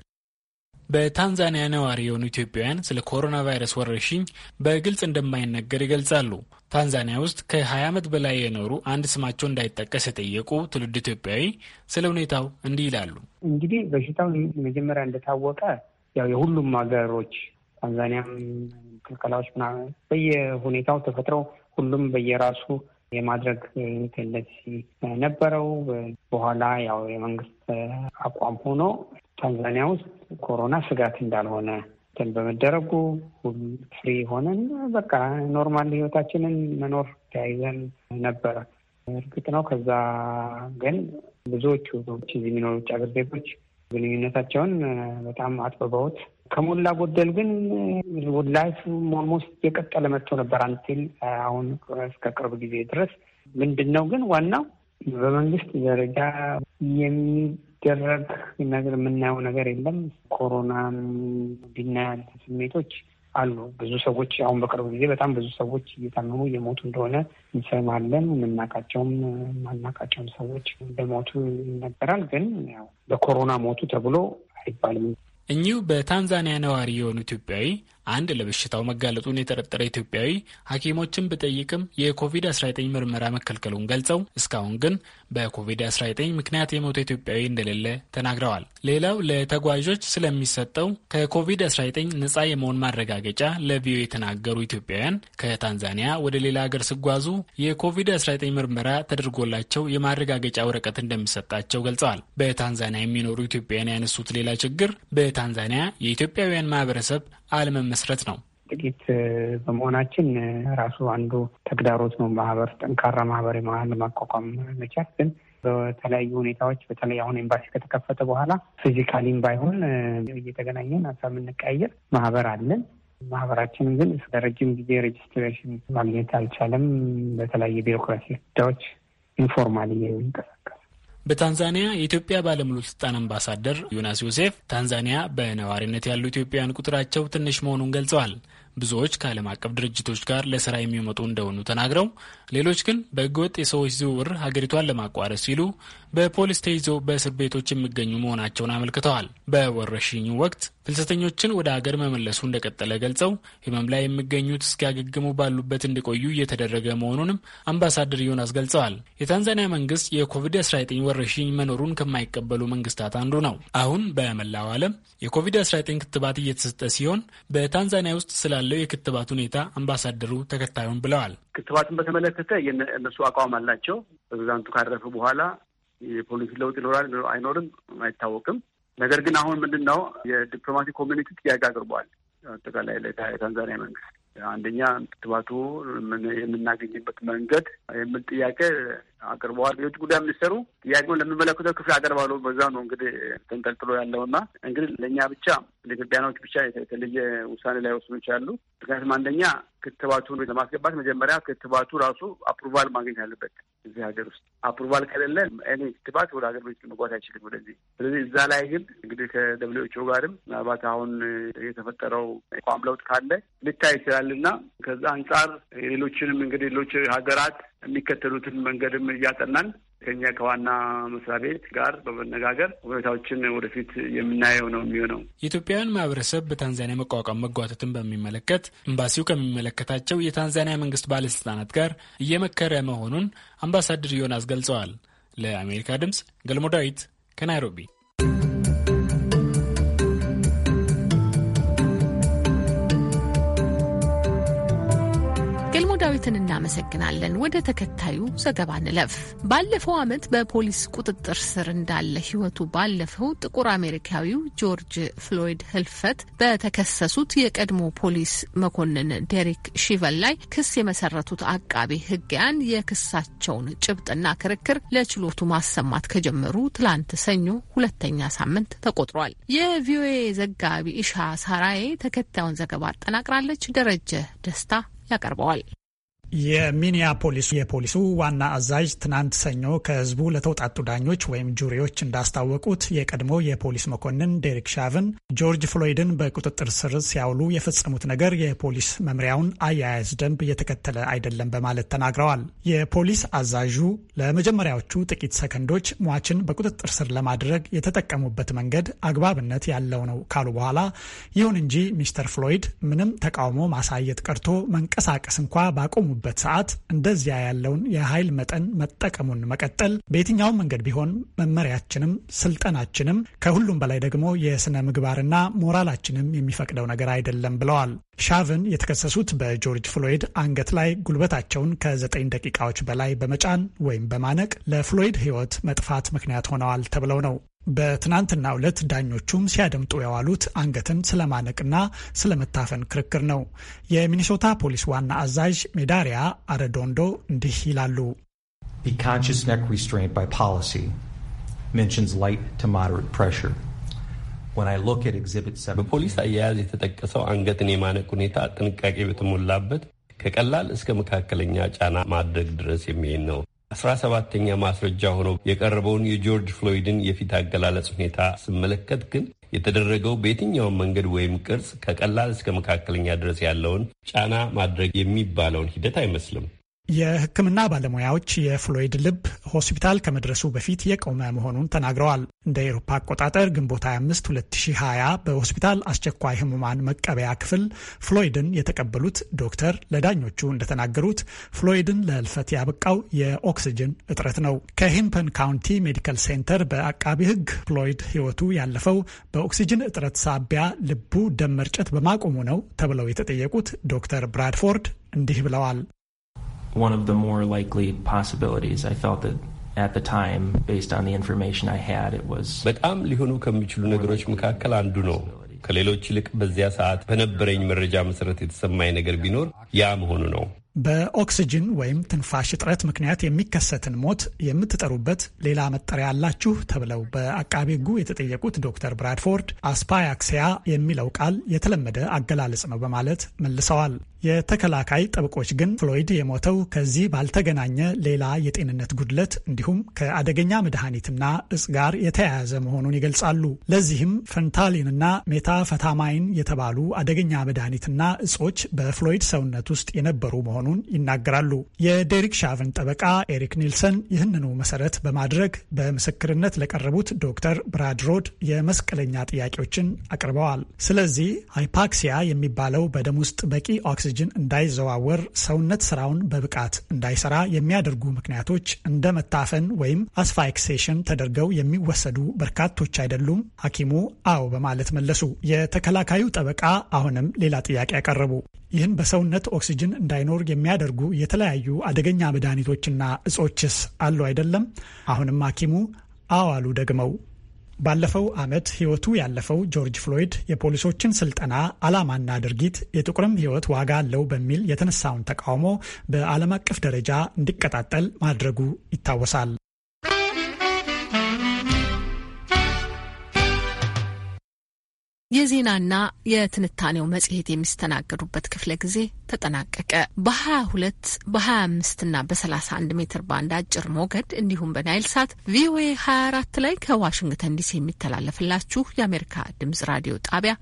በታንዛኒያ ነዋሪ የሆኑ ኢትዮጵያውያን ስለ ኮሮና ቫይረስ ወረርሽኝ በግልጽ እንደማይነገር ይገልጻሉ። ታንዛኒያ ውስጥ ከ20 ዓመት በላይ የኖሩ አንድ ስማቸው እንዳይጠቀስ የጠየቁ ትውልድ ኢትዮጵያዊ ስለ ሁኔታው እንዲህ ይላሉ። እንግዲህ በሽታው መጀመሪያ እንደታወቀ ያው የሁሉም ሀገሮች ታንዛኒያም ክልከላዎች ምናምን በየሁኔታው ተፈጥረው ሁሉም በየራሱ የማድረግ ቴንደንሲ ነበረው። በኋላ ያው የመንግስት አቋም ሆኖ ታንዛኒያ ውስጥ ኮሮና ስጋት እንዳልሆነ እንትን በመደረጉ ፍሪ ሆነን በቃ ኖርማል ህይወታችንን መኖር ተያይዘን ነበረ። እርግጥ ነው። ከዛ ግን ብዙዎቹ እዚህ የሚኖሩ ውጭ ሀገር ዜጎች ግንኙነታቸውን በጣም አጥብበውት ከሞላ ጎደል ግን ላይፍ ኦልሞስት የቀጠለ መጥቶ ነበር አንቲል አሁን እስከ ቅርብ ጊዜ ድረስ። ምንድን ነው ግን ዋናው በመንግስት ደረጃ ሲደረግ ነገር የምናየው ነገር የለም። ኮሮናን ቢናያለ ስሜቶች አሉ። ብዙ ሰዎች አሁን በቅርቡ ጊዜ በጣም ብዙ ሰዎች እየታመሙ እየሞቱ እንደሆነ እንሰማለን። የምናቃቸውም የማናውቃቸውም ሰዎች እንደሞቱ ይነገራል። ግን ያው በኮሮና ሞቱ ተብሎ አይባልም። እኚሁ በታንዛኒያ ነዋሪ የሆኑ ኢትዮጵያዊ አንድ ለበሽታው መጋለጡን የጠረጠረ ኢትዮጵያዊ ሐኪሞችን ብጠይቅም የኮቪድ-19 ምርመራ መከልከሉን ገልጸው እስካሁን ግን በኮቪድ-19 ምክንያት የሞተ ኢትዮጵያዊ እንደሌለ ተናግረዋል። ሌላው ለተጓዦች ስለሚሰጠው ከኮቪድ-19 ነጻ የመሆን ማረጋገጫ ለቪኦኤ የተናገሩ ኢትዮጵያውያን ከታንዛኒያ ወደ ሌላ ሀገር ሲጓዙ የኮቪድ-19 ምርመራ ተደርጎላቸው የማረጋገጫ ወረቀት እንደሚሰጣቸው ገልጸዋል። በታንዛኒያ የሚኖሩ ኢትዮጵያውያን ያነሱት ሌላ ችግር በታንዛኒያ የኢትዮጵያውያን ማህበረሰብ አለመመስረት ነው። ጥቂት በመሆናችን ራሱ አንዱ ተግዳሮት ነው። ማህበር ጠንካራ ማህበር ለማቋቋም መቻል ግን በተለያዩ ሁኔታዎች በተለይ አሁን ኤምባሲ ከተከፈተ በኋላ ፊዚካሊም ባይሆን እየተገናኘን ሀሳብ የምንቀያየር ማህበር አለን። ማህበራችን ግን እስከ ረጅም ጊዜ ሬጅስትሬሽን ማግኘት አልቻለም። በተለያየ ቢሮክራሲ ጉዳዮች ኢንፎርማል እየተንቀሳቀስ በታንዛኒያ የኢትዮጵያ ባለሙሉ ስልጣን አምባሳደር ዮናስ ዮሴፍ ታንዛኒያ በነዋሪነት ያሉ ኢትዮጵያውያን ቁጥራቸው ትንሽ መሆኑን ገልጸዋል። ብዙዎች ከዓለም አቀፍ ድርጅቶች ጋር ለስራ የሚመጡ እንደሆኑ ተናግረው ሌሎች ግን በህገወጥ የሰዎች ዝውውር ሀገሪቷን ለማቋረጥ ሲሉ በፖሊስ ተይዘው በእስር ቤቶች የሚገኙ መሆናቸውን አመልክተዋል። በወረሽኙ ወቅት ፍልሰተኞችን ወደ አገር መመለሱ እንደቀጠለ ገልጸው ህመም ላይ የሚገኙት እስኪያገግሙ ባሉበት እንዲቆዩ እየተደረገ መሆኑንም አምባሳደር ዮናስ ገልጸዋል። የታንዛኒያ መንግስት የኮቪድ-19 ወረሽኝ መኖሩን ከማይቀበሉ መንግስታት አንዱ ነው። አሁን በመላው ዓለም የኮቪድ-19 ክትባት እየተሰጠ ሲሆን በታንዛኒያ ውስጥ ስላለው የክትባት ሁኔታ አምባሳደሩ ተከታዩን ብለዋል። ክትባትን በተመለከተ የእነሱ አቋም አላቸው። ፕሬዚዳንቱ ካረፉ በኋላ የፖሊሲ ለውጥ ይኖራል አይኖርም አይታወቅም። ነገር ግን አሁን ምንድን ነው የዲፕሎማሲ ኮሚኒቲ ጥያቄ አቅርቧል። አጠቃላይ ለታንዛኒያ መንግስት አንደኛ ክትባቱ የምናገኝበት መንገድ የሚል ጥያቄ አቅርበዋል። የውጭ ጉዳይ ሚኒስትሩ ጥያቄውን ለሚመለከተው ክፍል አቀርባሉ። በዛ ነው እንግዲህ ተንጠልጥሎ ያለውና እንግዲህ ለእኛ ብቻ ለኢትዮጵያኖች ብቻ የተለየ ውሳኔ ላይ ወስኑ ይችላሉ። ምክንያቱም አንደኛ ክትባቱን ለማስገባት መጀመሪያ ክትባቱ ራሱ አፕሩቫል ማግኘት አለበት እዚህ ሀገር ውስጥ አፕሩቫል ከሌለ እኔ ክትባት ወደ ሀገር ቤት መጓት አይችልም ወደዚህ። ስለዚህ እዛ ላይ ግን እንግዲህ ከደብሊውኤችኦ ጋርም ምናልባት አሁን የተፈጠረው ቋም ለውጥ ካለ ልታይ ይችላልና ከዛ አንጻር የሌሎችንም እንግዲህ ሌሎች ሀገራት የሚከተሉትን መንገድም እያጠናን ከኛ ከዋና መስሪያ ቤት ጋር በመነጋገር ሁኔታዎችን ወደፊት የምናየው ነው የሚሆነው። የኢትዮጵያውያን ማህበረሰብ በታንዛኒያ መቋቋም መጓተትን በሚመለከት ኤምባሲው ከሚመለከታቸው የታንዛኒያ መንግስት ባለስልጣናት ጋር እየመከረ መሆኑን አምባሳደር ዮናስ ገልጸዋል። ለአሜሪካ ድምጽ ገልሞ ዳዊት ከናይሮቢ አባትን እናመሰግናለን። ወደ ተከታዩ ዘገባ እንለፍ። ባለፈው ዓመት በፖሊስ ቁጥጥር ስር እንዳለ ሕይወቱ ባለፈው ጥቁር አሜሪካዊው ጆርጅ ፍሎይድ ህልፈት በተከሰሱት የቀድሞ ፖሊስ መኮንን ዴሪክ ሺቨል ላይ ክስ የመሰረቱት አቃቤ ሕግያን የክሳቸውን ጭብጥና ክርክር ለችሎቱ ማሰማት ከጀመሩ ትላንት ሰኞ ሁለተኛ ሳምንት ተቆጥሯል። የቪኦኤ ዘጋቢ ኢሻ ሳራዬ ተከታዩን ዘገባ አጠናቅራለች። ደረጀ ደስታ ያቀርበዋል። የሚኒያፖሊሱ የፖሊሱ ዋና አዛዥ ትናንት ሰኞ ከህዝቡ ለተውጣጡ ዳኞች ወይም ጁሪዎች እንዳስታወቁት የቀድሞ የፖሊስ መኮንን ዴሪክ ሻቭን ጆርጅ ፍሎይድን በቁጥጥር ስር ሲያውሉ የፈጸሙት ነገር የፖሊስ መምሪያውን አያያዝ ደንብ እየተከተለ አይደለም በማለት ተናግረዋል። የፖሊስ አዛዡ ለመጀመሪያዎቹ ጥቂት ሰከንዶች ሟችን በቁጥጥር ስር ለማድረግ የተጠቀሙበት መንገድ አግባብነት ያለው ነው ካሉ በኋላ ይሁን እንጂ ሚስተር ፍሎይድ ምንም ተቃውሞ ማሳየት ቀርቶ መንቀሳቀስ እንኳ ባቆሙ በሚሆኑበት ሰዓት እንደዚያ ያለውን የኃይል መጠን መጠቀሙን መቀጠል በየትኛው መንገድ ቢሆን መመሪያችንም ስልጠናችንም ከሁሉም በላይ ደግሞ የስነ ምግባርና ሞራላችንም የሚፈቅደው ነገር አይደለም ብለዋል። ሻቭን የተከሰሱት በጆርጅ ፍሎይድ አንገት ላይ ጉልበታቸውን ከዘጠኝ ደቂቃዎች በላይ በመጫን ወይም በማነቅ ለፍሎይድ ሕይወት መጥፋት ምክንያት ሆነዋል ተብለው ነው። በትናንትና ዕለት ዳኞቹም ሲያደምጡ የዋሉት አንገትን ስለማነቅና ስለመታፈን ክርክር ነው። የሚኒሶታ ፖሊስ ዋና አዛዥ ሜዳሪያ አረዶንዶ እንዲህ ይላሉ። በፖሊስ አያያዝ የተጠቀሰው አንገትን የማነቅ ሁኔታ ጥንቃቄ በተሞላበት ከቀላል እስከ መካከለኛ ጫና ማድረግ ድረስ የሚሄድ ነው። አስራ ሰባተኛ ማስረጃ ሆኖ የቀረበውን የጆርጅ ፍሎይድን የፊት አገላለጽ ሁኔታ ስመለከት ግን የተደረገው በየትኛውም መንገድ ወይም ቅርጽ ከቀላል እስከ መካከለኛ ድረስ ያለውን ጫና ማድረግ የሚባለውን ሂደት አይመስልም። የሕክምና ባለሙያዎች የፍሎይድ ልብ ሆስፒታል ከመድረሱ በፊት የቆመ መሆኑን ተናግረዋል። እንደ ኤሮፓ አቆጣጠር ግንቦት 25 2020 በሆስፒታል አስቸኳይ ህሙማን መቀበያ ክፍል ፍሎይድን የተቀበሉት ዶክተር ለዳኞቹ እንደተናገሩት ፍሎይድን ለህልፈት ያበቃው የኦክስጅን እጥረት ነው። ከሂምፐን ካውንቲ ሜዲካል ሴንተር በአቃቢ ህግ ፍሎይድ ህይወቱ ያለፈው በኦክስጅን እጥረት ሳቢያ ልቡ ደም መርጨት በማቆሙ ነው ተብለው የተጠየቁት ዶክተር ብራድፎርድ እንዲህ ብለዋል። one of the more likely possibilities. I felt that at the time, based on the information I had, it was በጣም ሊሆኑ ከሚችሉ ነገሮች መካከል አንዱ ነው። ከሌሎች ይልቅ በዚያ ሰዓት በነበረኝ መረጃ መሰረት የተሰማኝ ነገር ቢኖር ያ መሆኑ ነው። በኦክስጅን ወይም ትንፋሽ እጥረት ምክንያት የሚከሰትን ሞት የምትጠሩበት ሌላ መጠሪያ አላችሁ ተብለው በአቃቤ ሕጉ የተጠየቁት ዶክተር ብራድፎርድ አስፓያክሲያ የሚለው ቃል የተለመደ አገላለጽ ነው በማለት መልሰዋል። የተከላካይ ጠበቆች ግን ፍሎይድ የሞተው ከዚህ ባልተገናኘ ሌላ የጤንነት ጉድለት እንዲሁም ከአደገኛ መድኃኒትና እጽ ጋር የተያያዘ መሆኑን ይገልጻሉ። ለዚህም ፈንታሊንና ሜታፈታማይን የተባሉ አደገኛ መድኃኒትና እጾች በፍሎይድ ሰውነት ውስጥ የነበሩ መሆኑን ይናገራሉ። የዴሪክ ሻቭን ጠበቃ ኤሪክ ኒልሰን ይህንኑ መሰረት በማድረግ በምስክርነት ለቀረቡት ዶክተር ብራድሮድ የመስቀለኛ ጥያቄዎችን አቅርበዋል። ስለዚህ ሃይፓክሲያ የሚባለው በደም ውስጥ በቂ ኦክሲጅን ኦክሲጅን እንዳይዘዋወር፣ ሰውነት ስራውን በብቃት እንዳይሰራ የሚያደርጉ ምክንያቶች እንደ መታፈን ወይም አስፋይክሴሽን ተደርገው የሚወሰዱ በርካቶች አይደሉም? ሐኪሙ አዎ በማለት መለሱ። የተከላካዩ ጠበቃ አሁንም ሌላ ጥያቄ ያቀረቡ ይህን በሰውነት ኦክሲጅን እንዳይኖር የሚያደርጉ የተለያዩ አደገኛ መድኃኒቶችና እጾችስ አሉ አይደለም? አሁንም ሐኪሙ አዎ አሉ ደግመው ባለፈው ዓመት ህይወቱ ያለፈው ጆርጅ ፍሎይድ የፖሊሶችን ስልጠና ዓላማና ድርጊት የጥቁርም ህይወት ዋጋ አለው በሚል የተነሳውን ተቃውሞ በዓለም አቀፍ ደረጃ እንዲቀጣጠል ማድረጉ ይታወሳል። የዜናና የትንታኔው መጽሔት የሚስተናገዱበት ክፍለ ጊዜ ተጠናቀቀ። በ22 በ25ና በ31 ሜትር ባንድ አጭር ሞገድ እንዲሁም በናይል ሳት ቪኦኤ 24 ላይ ከዋሽንግተን ዲሲ የሚተላለፍላችሁ የአሜሪካ ድምጽ ራዲዮ ጣቢያ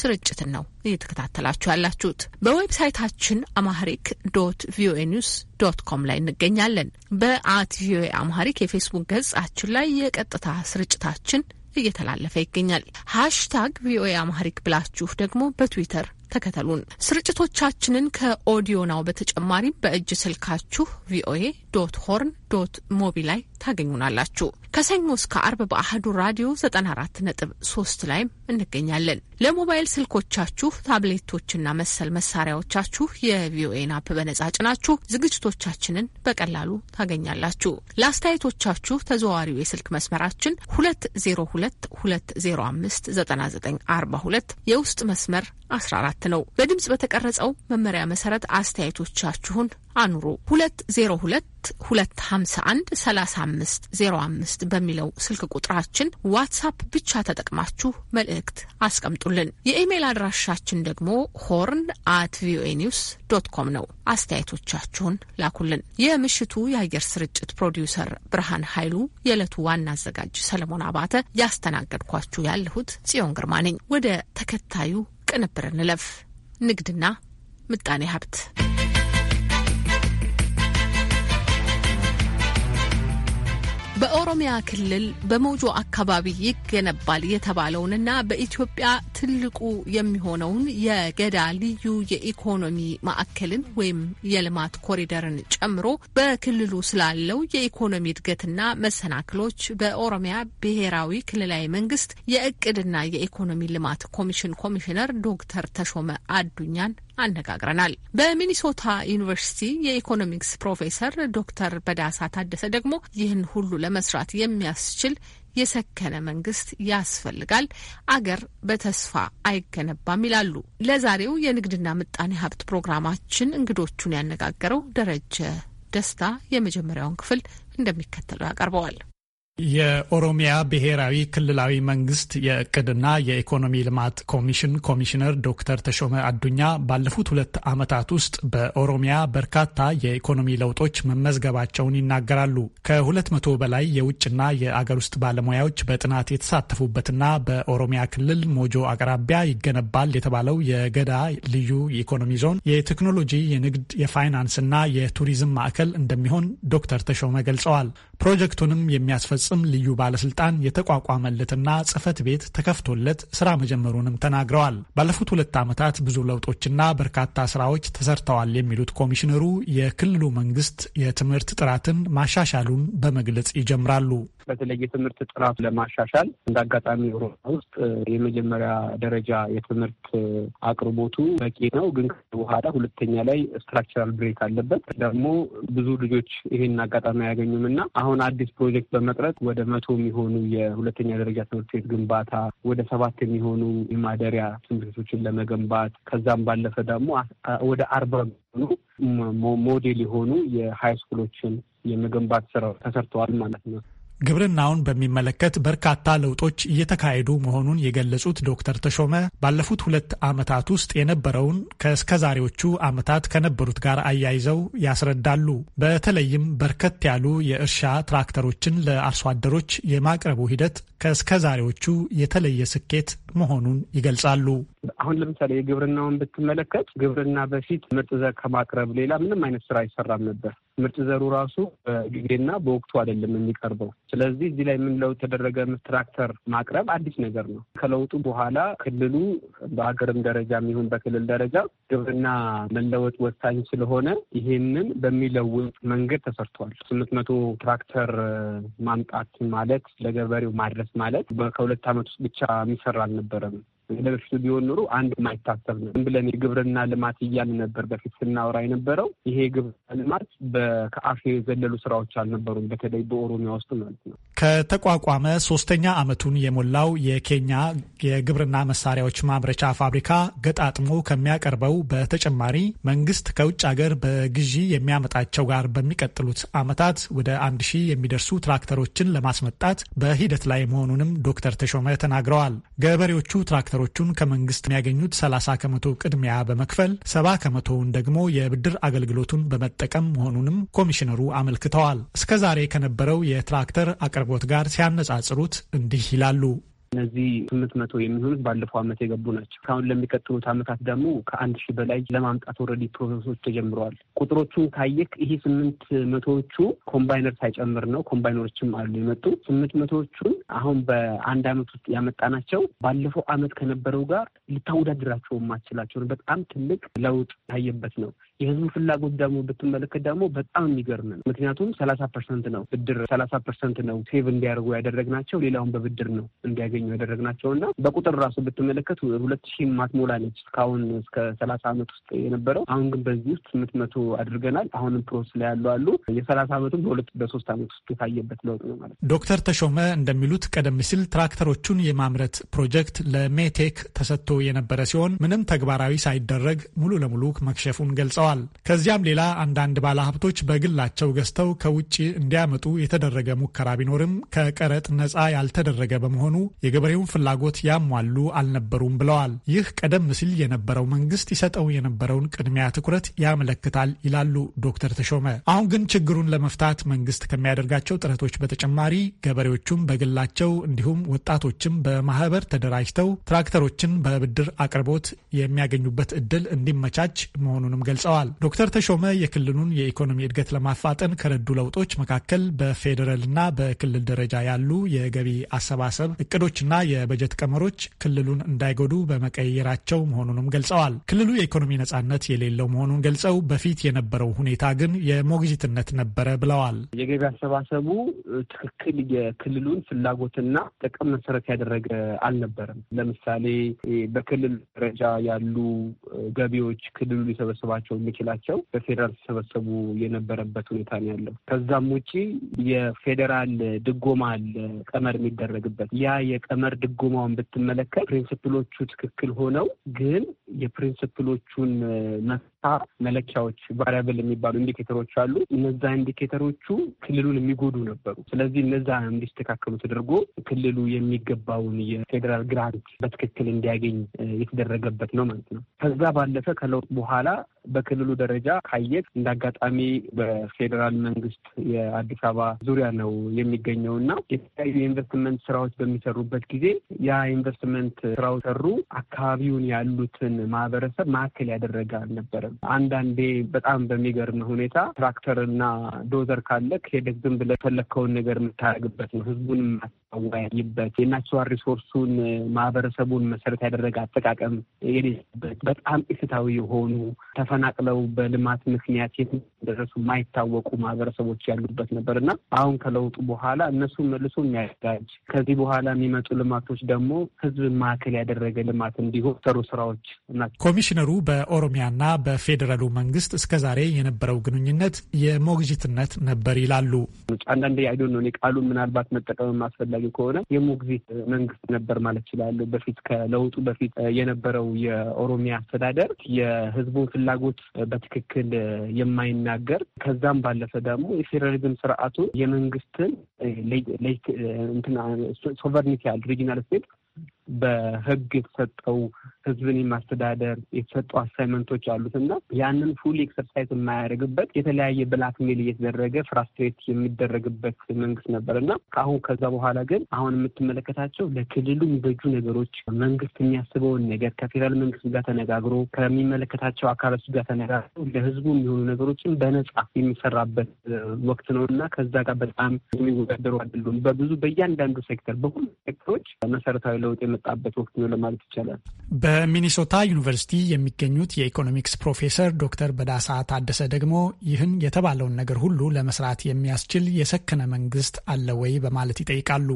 ስርጭትን ነው እየተከታተላችሁ ያላችሁት። በዌብሳይታችን አማህሪክ ዶት ቪኦኤ ኒውስ ዶት ኮም ላይ እንገኛለን። በአት ቪኦኤ አማሪክ የፌስቡክ ገጻችን ላይ የቀጥታ ስርጭታችን እየተላለፈ ይገኛል። ሃሽታግ ቪኦኤ አማሪክ ብላችሁ ደግሞ በትዊተር ተከተሉን። ስርጭቶቻችንን ከኦዲዮ ናው በተጨማሪም በእጅ ስልካችሁ ቪኦኤ ዶት ሆርን ዶት ሞቢ ላይ ታገኙናላችሁ። ከሰኞ እስከ አርብ በአህዱ ራዲዮ 94.3 ላይም እንገኛለን። ለሞባይል ስልኮቻችሁ ታብሌቶችና መሰል መሳሪያዎቻችሁ የቪኦኤን አፕ በነጻ ጭናችሁ ዝግጅቶቻችንን በቀላሉ ታገኛላችሁ። ለአስተያየቶቻችሁ ተዘዋዋሪው የስልክ መስመራችን 2022059942 የውስጥ መስመር 14 ነው። በድምፅ በተቀረጸው መመሪያ መሰረት አስተያየቶቻችሁን አኑሩ። 2022513505 በሚለው ስልክ ቁጥራችን ዋትሳፕ ብቻ ተጠቅማችሁ መልእክት አስቀምጡልን። የኢሜይል አድራሻችን ደግሞ ሆርን አት ቪኦኤ ኒውስ ዶት ኮም ነው። አስተያየቶቻችሁን ላኩልን። የምሽቱ የአየር ስርጭት ፕሮዲውሰር ብርሃን ኃይሉ፣ የዕለቱ ዋና አዘጋጅ ሰለሞን አባተ፣ ያስተናገድኳችሁ ያለሁት ጽዮን ግርማ ነኝ። ወደ ተከታዩ ቅንብር እንለፍ። ንግድና ምጣኔ ሀብት በኦሮሚያ ክልል በሞጆ አካባቢ ይገነባል የተባለውንና በኢትዮጵያ ትልቁ የሚሆነውን የገዳ ልዩ የኢኮኖሚ ማዕከልን ወይም የልማት ኮሪደርን ጨምሮ በክልሉ ስላለው የኢኮኖሚ እድገትና መሰናክሎች በኦሮሚያ ብሔራዊ ክልላዊ መንግስት የእቅድና የኢኮኖሚ ልማት ኮሚሽን ኮሚሽነር ዶክተር ተሾመ አዱኛን አነጋግረናል። በሚኒሶታ ዩኒቨርሲቲ የኢኮኖሚክስ ፕሮፌሰር ዶክተር በዳሳ ታደሰ ደግሞ ይህን ሁሉ ለመስራት የሚያስችል የሰከነ መንግስት ያስፈልጋል፣ አገር በተስፋ አይገነባም ይላሉ። ለዛሬው የንግድና ምጣኔ ሀብት ፕሮግራማችን እንግዶቹን ያነጋገረው ደረጀ ደስታ የመጀመሪያውን ክፍል እንደሚከተለው ያቀርበዋል። የኦሮሚያ ብሔራዊ ክልላዊ መንግስት የእቅድና የኢኮኖሚ ልማት ኮሚሽን ኮሚሽነር ዶክተር ተሾመ አዱኛ ባለፉት ሁለት ዓመታት ውስጥ በኦሮሚያ በርካታ የኢኮኖሚ ለውጦች መመዝገባቸውን ይናገራሉ። ከሁለት መቶ በላይ የውጭና የአገር ውስጥ ባለሙያዎች በጥናት የተሳተፉበትና በኦሮሚያ ክልል ሞጆ አቅራቢያ ይገነባል የተባለው የገዳ ልዩ የኢኮኖሚ ዞን የቴክኖሎጂ፣ የንግድ፣ የፋይናንስና የቱሪዝም ማዕከል እንደሚሆን ዶክተር ተሾመ ገልጸዋል። ፕሮጀክቱንም የሚያስፈ የሚፈጽም ልዩ ባለስልጣን የተቋቋመለትና ጽህፈት ቤት ተከፍቶለት ስራ መጀመሩንም ተናግረዋል። ባለፉት ሁለት ዓመታት ብዙ ለውጦችና በርካታ ስራዎች ተሰርተዋል የሚሉት ኮሚሽነሩ የክልሉ መንግስት የትምህርት ጥራትን ማሻሻሉን በመግለጽ ይጀምራሉ። በተለይ የትምህርት ጥራት ለማሻሻል እንደ አጋጣሚ ሮማ ውስጥ የመጀመሪያ ደረጃ የትምህርት አቅርቦቱ በቂ ነው፣ ግን በኋላ ሁለተኛ ላይ ስትራክቸራል ብሬክ አለበት። ደግሞ ብዙ ልጆች ይህን አጋጣሚ አያገኙም እና አሁን አዲስ ፕሮጀክት በመቅረጥ ወደ መቶ የሚሆኑ የሁለተኛ ደረጃ ትምህርት ቤት ግንባታ ወደ ሰባት የሚሆኑ የማደሪያ ትምህርት ቤቶችን ለመገንባት ከዛም ባለፈ ደግሞ ወደ አርባ የሚሆኑ ሞዴል የሆኑ የሀይ ስኩሎችን የመገንባት ስራ ተሰርተዋል ማለት ነው። ግብርናውን በሚመለከት በርካታ ለውጦች እየተካሄዱ መሆኑን የገለጹት ዶክተር ተሾመ ባለፉት ሁለት ዓመታት ውስጥ የነበረውን ከእስከዛሬዎቹ ዓመታት ከነበሩት ጋር አያይዘው ያስረዳሉ። በተለይም በርከት ያሉ የእርሻ ትራክተሮችን ለአርሶ አደሮች የማቅረቡ ሂደት ከእስከዛሬዎቹ የተለየ ስኬት መሆኑን ይገልጻሉ። አሁን ለምሳሌ የግብርናውን ብትመለከት ግብርና በፊት ምርጥ ዘር ከማቅረብ ሌላ ምንም አይነት ስራ አይሰራም ነበር። ምርጥ ዘሩ ራሱ በጊዜና በወቅቱ አይደለም የሚቀርበው። ስለዚህ እዚህ ላይ ምን ለውጥ ተደረገ? ትራክተር ማቅረብ አዲስ ነገር ነው። ከለውጡ በኋላ ክልሉ በሀገርም ደረጃ የሚሆን በክልል ደረጃ ግብርና መለወጥ ወሳኝ ስለሆነ ይሄንን በሚለውጥ መንገድ ተሰርቷል። ስምንት መቶ ትራክተር ማምጣት ማለት ለገበሬው ማድረስ ማለት ከሁለት ዓመት ውስጥ ብቻ የሚሰራ አልነበረም። በፊቱ ቢሆን ኑሮ አንድ የማይታሰብ ነው። ዝም ብለን የግብርና ልማት እያል ነበር በፊት ስናወራ የነበረው። ይሄ የግብርና ልማት ከአፍ የዘለሉ ስራዎች አልነበሩም፣ በተለይ በኦሮሚያ ውስጥ ማለት ነው። ከተቋቋመ ሶስተኛ ዓመቱን የሞላው የኬኛ የግብርና መሳሪያዎች ማምረቻ ፋብሪካ ገጣጥሞ ከሚያቀርበው በተጨማሪ መንግስት ከውጭ ሀገር በግዢ የሚያመጣቸው ጋር በሚቀጥሉት ዓመታት ወደ አንድ ሺህ የሚደርሱ ትራክተሮችን ለማስመጣት በሂደት ላይ መሆኑንም ዶክተር ተሾመ ተናግረዋል። ገበሬዎቹ ትራክተሮ ሸርኮቹን ከመንግስት የሚያገኙት 30 ከመቶ ቅድሚያ በመክፈል ሰ7 ከመቶውን ደግሞ የብድር አገልግሎቱን በመጠቀም መሆኑንም ኮሚሽነሩ አመልክተዋል። እስከዛሬ ከነበረው የትራክተር አቅርቦት ጋር ሲያነጻጽሩት እንዲህ ይላሉ። እነዚህ ስምንት መቶ የሚሆኑት ባለፈው ዓመት የገቡ ናቸው። ካሁን ለሚቀጥሉት ዓመታት ደግሞ ከአንድ ሺህ በላይ ለማምጣት ኦልሬዲ ፕሮሰሶች ተጀምረዋል። ቁጥሮቹን ካየክ ይሄ ስምንት መቶዎቹ ኮምባይነር ሳይጨምር ነው። ኮምባይነሮችም አሉ የመጡ ስምንት መቶዎቹን አሁን በአንድ ዓመት ውስጥ ያመጣናቸው ባለፈው ዓመት ከነበረው ጋር ልታወዳድራቸው ማችላቸውን በጣም ትልቅ ለውጥ ታየበት ነው። የህዝቡ ፍላጎት ደግሞ ብትመለከት ደግሞ በጣም የሚገርም ነው። ምክንያቱም ሰላሳ ፐርሰንት ነው ብድር ሰላሳ ፐርሰንት ነው ሴቭ እንዲያደርጉ ያደረግናቸው፣ ሌላውን በብድር ነው እንዲያገኙ ያደረግናቸው እና በቁጥር ራሱ ብትመለከት ሁለት ሺ ማትሞላ ነች እስካሁን እስከ ሰላሳ አመት ውስጥ የነበረው አሁን ግን በዚህ ውስጥ ስምንት መቶ አድርገናል። አሁንም ፕሮስ ላይ ያሉ አሉ። የሰላሳ አመቱም በሁለት በሶስት አመት ውስጥ የታየበት ለውጥ ነው ማለት ነው። ዶክተር ተሾመ እንደሚሉት ቀደም ሲል ትራክተሮቹን የማምረት ፕሮጀክት ለሜቴክ ተሰጥቶ የነበረ ሲሆን ምንም ተግባራዊ ሳይደረግ ሙሉ ለሙሉ መክሸፉን ገልጸዋል። ገልጸዋል። ከዚያም ሌላ አንዳንድ ባለሀብቶች በግላቸው ገዝተው ከውጭ እንዲያመጡ የተደረገ ሙከራ ቢኖርም ከቀረጥ ነፃ ያልተደረገ በመሆኑ የገበሬውን ፍላጎት ያሟሉ አልነበሩም ብለዋል። ይህ ቀደም ሲል የነበረው መንግስት ይሰጠው የነበረውን ቅድሚያ ትኩረት ያመለክታል ይላሉ ዶክተር ተሾመ። አሁን ግን ችግሩን ለመፍታት መንግስት ከሚያደርጋቸው ጥረቶች በተጨማሪ ገበሬዎቹም በግላቸው እንዲሁም ወጣቶችም በማህበር ተደራጅተው ትራክተሮችን በብድር አቅርቦት የሚያገኙበት እድል እንዲመቻች መሆኑንም ገልጸዋል። ገልጸዋል። ዶክተር ተሾመ የክልሉን የኢኮኖሚ እድገት ለማፋጠን ከረዱ ለውጦች መካከል በፌዴራልና በክልል ደረጃ ያሉ የገቢ አሰባሰብ እቅዶችና የበጀት ቀመሮች ክልሉን እንዳይጎዱ በመቀየራቸው መሆኑንም ገልጸዋል። ክልሉ የኢኮኖሚ ነጻነት የሌለው መሆኑን ገልጸው በፊት የነበረው ሁኔታ ግን የሞግዚትነት ነበረ ብለዋል። የገቢ አሰባሰቡ ትክክል የክልሉን ፍላጎትና ጥቅም መሰረት ያደረገ አልነበረም። ለምሳሌ በክልል ደረጃ ያሉ ገቢዎች ክልሉ ሊሰበስባቸው የምችላቸው በፌዴራል ተሰበሰቡ የነበረበት ሁኔታ ነው ያለው። ከዛም ውጪ የፌዴራል ድጎማ አለ ቀመር የሚደረግበት ያ የቀመር ድጎማውን ብትመለከት ፕሪንስፕሎቹ ትክክል ሆነው ግን የፕሪንስፕሎቹን መለኪያዎች ቫሪያብል የሚባሉ ኢንዲኬተሮች አሉ። እነዛ ኢንዲኬተሮቹ ክልሉን የሚጎዱ ነበሩ። ስለዚህ እነዛ እንዲስተካከሉ ተደርጎ ክልሉ የሚገባውን የፌዴራል ግራንት በትክክል እንዲያገኝ የተደረገበት ነው ማለት ነው። ከዛ ባለፈ ከለውጥ በኋላ በክልሉ ደረጃ ካየት እንደ አጋጣሚ በፌዴራል መንግስት የአዲስ አበባ ዙሪያ ነው የሚገኘው እና የተለያዩ የኢንቨስትመንት ስራዎች በሚሰሩበት ጊዜ ያ ኢንቨስትመንት ስራው ሰሩ አካባቢውን ያሉትን ማህበረሰብ ማዕከል ያደረገ አልነበረም። አንዳንዴ በጣም በሚገርም ሁኔታ ትራክተር ዶዘር ካለ ከሄደህ ዝም ብለህ የፈለግከውን ነገር የምታደርግበት ነው። ህዝቡን ማወያይበት የናቸዋል ሪሶርሱን ማህበረሰቡን መሰረት ያደረገ አጠቃቀም የሌለበት በጣም ኢፍታዊ የሆኑ ተፈናቅለው በልማት ምክንያት የት ደረሱ የማይታወቁ ማህበረሰቦች ያሉበት ነበር እና አሁን ከለውጡ በኋላ እነሱ መልሶ የሚያጋጅ ከዚህ በኋላ የሚመጡ ልማቶች ደግሞ ህዝብ ማዕከል ያደረገ ልማት እንዲሆን ሰሩ ስራዎች ናቸው። ኮሚሽነሩ በኦሮሚያና በ የፌዴራሉ መንግስት እስከዛሬ የነበረው ግንኙነት የሞግዚትነት ነበር ይላሉ። አንዳንዴ አይዶ ነው ቃሉን ምናልባት መጠቀም አስፈላጊ ከሆነ የሞግዚት መንግስት ነበር ማለት ይችላለሁ። በፊት ከለውጡ በፊት የነበረው የኦሮሚያ አስተዳደር የህዝቡን ፍላጎት በትክክል የማይናገር ከዛም ባለፈ ደግሞ የፌዴራሊዝም ስርዓቱ የመንግስትን ሶቨርኒቲ ያል ሪጂናል ስቴት በህግ የተሰጠው ህዝብን የማስተዳደር የተሰጡ አሳይመንቶች አሉት እና ያንን ፉል ኤክሰርሳይዝ የማያደርግበት የተለያየ ብላክ ሜል እየተደረገ ፍራስትሬት የሚደረግበት መንግስት ነበር እና አሁን ከዛ በኋላ ግን አሁን የምትመለከታቸው ለክልሉ የሚበጁ ነገሮች መንግስት የሚያስበውን ነገር ከፌዴራል መንግስት ጋር ተነጋግሮ ከሚመለከታቸው አካሎች ጋር ተነጋግሮ ለህዝቡ የሚሆኑ ነገሮችን በነጻ የሚሰራበት ወቅት ነው እና ከዛ ጋር በጣም የሚወዳደሩ አይደሉም። በብዙ በእያንዳንዱ ሴክተር በሁሉ ሴክተሮች መሰረታዊ ለውጥ የመጣበት ወቅት ነው ለማለት ይቻላል። በሚኒሶታ ዩኒቨርሲቲ የሚገኙት የኢኮኖሚክስ ፕሮፌሰር ዶክተር በዳሳ ታደሰ ደግሞ ይህን የተባለውን ነገር ሁሉ ለመስራት የሚያስችል የሰከነ መንግስት አለ ወይ በማለት ይጠይቃሉ።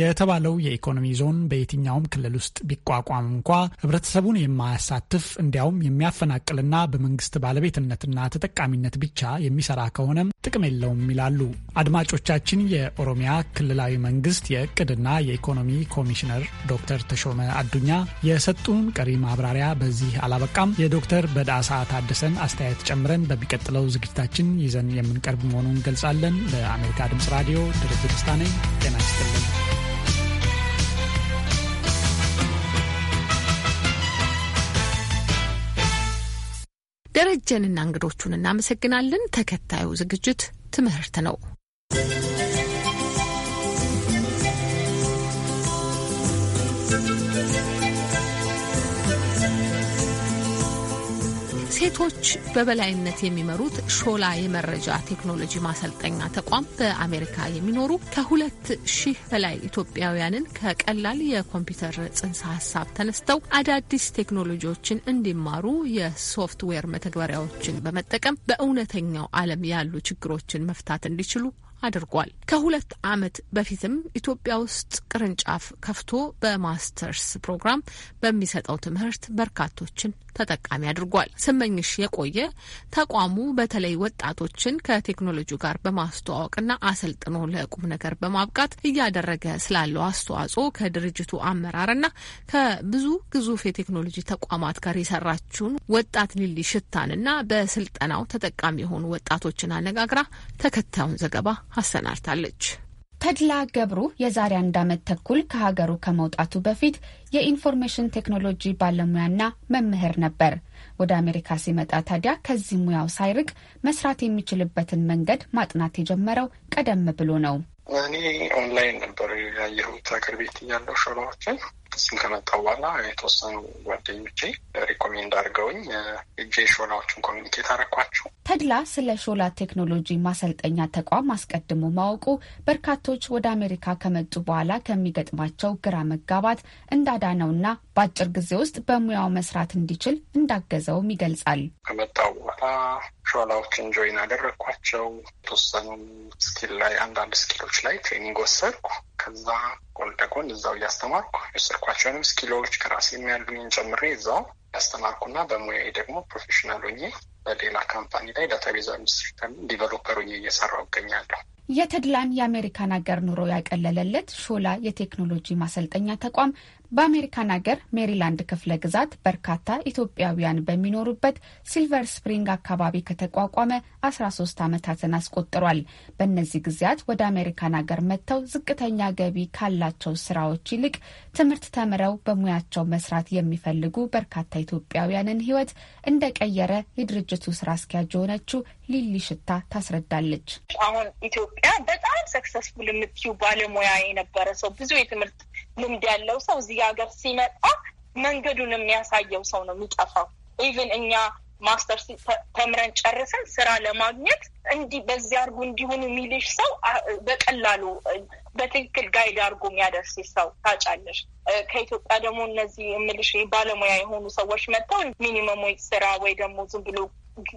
የተባለው የኢኮኖሚ ዞን በየትኛውም ክልል ውስጥ ቢቋቋም እንኳ ህብረተሰቡን የማያሳትፍ እንዲያውም የሚያፈናቅልና በመንግስት ባለቤትነትና ተጠቃሚነት ብቻ የሚሰራ ከሆነም ጥቅም የለውም ይላሉ። አድማጮቻችን የኦሮሚያ ክልላዊ መንግስት የእቅድና የኢኮኖሚ ኮሚሽነር ዶክተር ተሾመ አዱኛ የሰጡን ቀሪ ማብራሪያ በዚህ አላበቃም። የዶክተር በዳሳ ታደሰን አስተያየት ጨምረን በሚቀጥለው ዝግጅታችን ይዘን የምንቀርብ መሆኑን እንገልጻለን። ለአሜሪካ ድምጽ ራዲዮ ድርጅት ደስታ ነኝ። ጤና ይስጥልን። ደረጀንና እንግዶቹን እናመሰግናለን። ተከታዩ ዝግጅት ትምህርት ነው። ሴቶች በበላይነት የሚመሩት ሾላ የመረጃ ቴክኖሎጂ ማሰልጠኛ ተቋም በአሜሪካ የሚኖሩ ከሁለት ሺህ በላይ ኢትዮጵያውያንን ከቀላል የኮምፒውተር ጽንሰ ሀሳብ ተነስተው አዳዲስ ቴክኖሎጂዎችን እንዲማሩ የሶፍትዌር መተግበሪያዎችን በመጠቀም በእውነተኛው ዓለም ያሉ ችግሮችን መፍታት እንዲችሉ አድርጓል። ከሁለት ዓመት በፊትም ኢትዮጵያ ውስጥ ቅርንጫፍ ከፍቶ በማስተርስ ፕሮግራም በሚሰጠው ትምህርት በርካቶችን ተጠቃሚ አድርጓል። ስመኝሽ የቆየ ተቋሙ በተለይ ወጣቶችን ከቴክኖሎጂ ጋር በማስተዋወቅና አሰልጥኖ ለቁም ነገር በማብቃት እያደረገ ስላለው አስተዋጽኦ ከድርጅቱ አመራርና ከብዙ ግዙፍ የቴክኖሎጂ ተቋማት ጋር የሰራችውን ወጣት ሊሊ ሽታንና በስልጠናው ተጠቃሚ የሆኑ ወጣቶችን አነጋግራ ተከታዩን ዘገባ አሰናድታለች። ተድላ ገብሩ የዛሬ አንድ ዓመት ተኩል ከሀገሩ ከመውጣቱ በፊት የኢንፎርሜሽን ቴክኖሎጂ ባለሙያና መምህር ነበር። ወደ አሜሪካ ሲመጣ ታዲያ ከዚህ ሙያው ሳይርቅ መስራት የሚችልበትን መንገድ ማጥናት የጀመረው ቀደም ብሎ ነው። እኔ ኦንላይን ነበር ያየሁት ሀገር ቤት እያለው ሾላዎችን እሱም ከመጣ በኋላ የተወሰኑ ጓደኞቼ ሪኮሜንድ አድርገውኝ እጄ ሾላዎችን ኮሚኒኬት አረኳቸው። ተድላ ስለ ሾላ ቴክኖሎጂ ማሰልጠኛ ተቋም አስቀድሞ ማወቁ በርካቶች ወደ አሜሪካ ከመጡ በኋላ ከሚገጥማቸው ግራ መጋባት እንዳዳነውና በአጭር ጊዜ ውስጥ በሙያው መስራት እንዲችል እንዳገዘውም ይገልጻል። ከመጣው በኋላ ሾላዎችን ጆይን አደረግኳቸው። የተወሰኑ ስኪል ላይ አንዳንድ ስኪሎች ላይ ትሬኒንግ ወሰድኩ። ከዛ ጎን ለጎን እዛው እያስተማርኩ የወሰድኳቸውንም ስኪሎች ከራሴ የሚያሉኝን ጨምሬ እዛው ያስተማርኩና በሙያዬ ደግሞ ፕሮፌሽናል ሆኜ በሌላ ካምፓኒ ላይ ዳታቤዝ አድሚኒስትሬተር ዲቨሎፐር ሆኜ እየሰራው እገኛለሁ። የተድላን የአሜሪካን ሀገር ኑሮ ያቀለለለት ሾላ የቴክኖሎጂ ማሰልጠኛ ተቋም በአሜሪካን ሀገር ሜሪላንድ ክፍለ ግዛት በርካታ ኢትዮጵያውያን በሚኖሩበት ሲልቨር ስፕሪንግ አካባቢ ከተቋቋመ 13 ዓመታትን አስቆጥሯል። በእነዚህ ጊዜያት ወደ አሜሪካን ሀገር መጥተው ዝቅተኛ ገቢ ካላቸው ስራዎች ይልቅ ትምህርት ተምረው በሙያቸው መስራት የሚፈልጉ በርካታ ኢትዮጵያውያንን ህይወት እንደቀየረ የድርጅቱ ስራ አስኪያጅ የሆነችው ሊሊ ሽታ ታስረዳለች። አሁን ኢትዮጵያ በጣም ሰክሰስፉል የምትዩ ባለሙያ የነበረ ሰው ብዙ የትምህርት ልምድ ያለው ሰው እዚህ ሀገር ሲመጣ መንገዱን የሚያሳየው ሰው ነው የሚጠፋው። ኢቭን እኛ ማስተር ተምረን ጨርሰን ስራ ለማግኘት እንዲህ በዚህ አድርጉ እንዲሆኑ የሚልሽ ሰው በቀላሉ በትክክል ጋይድ አድርጎ የሚያደርስ ሰው ታጫለሽ። ከኢትዮጵያ ደግሞ እነዚህ የምልሽ ባለሙያ የሆኑ ሰዎች መጥተው ሚኒመም ወይ ስራ ወይ ደግሞ ዝም ብሎ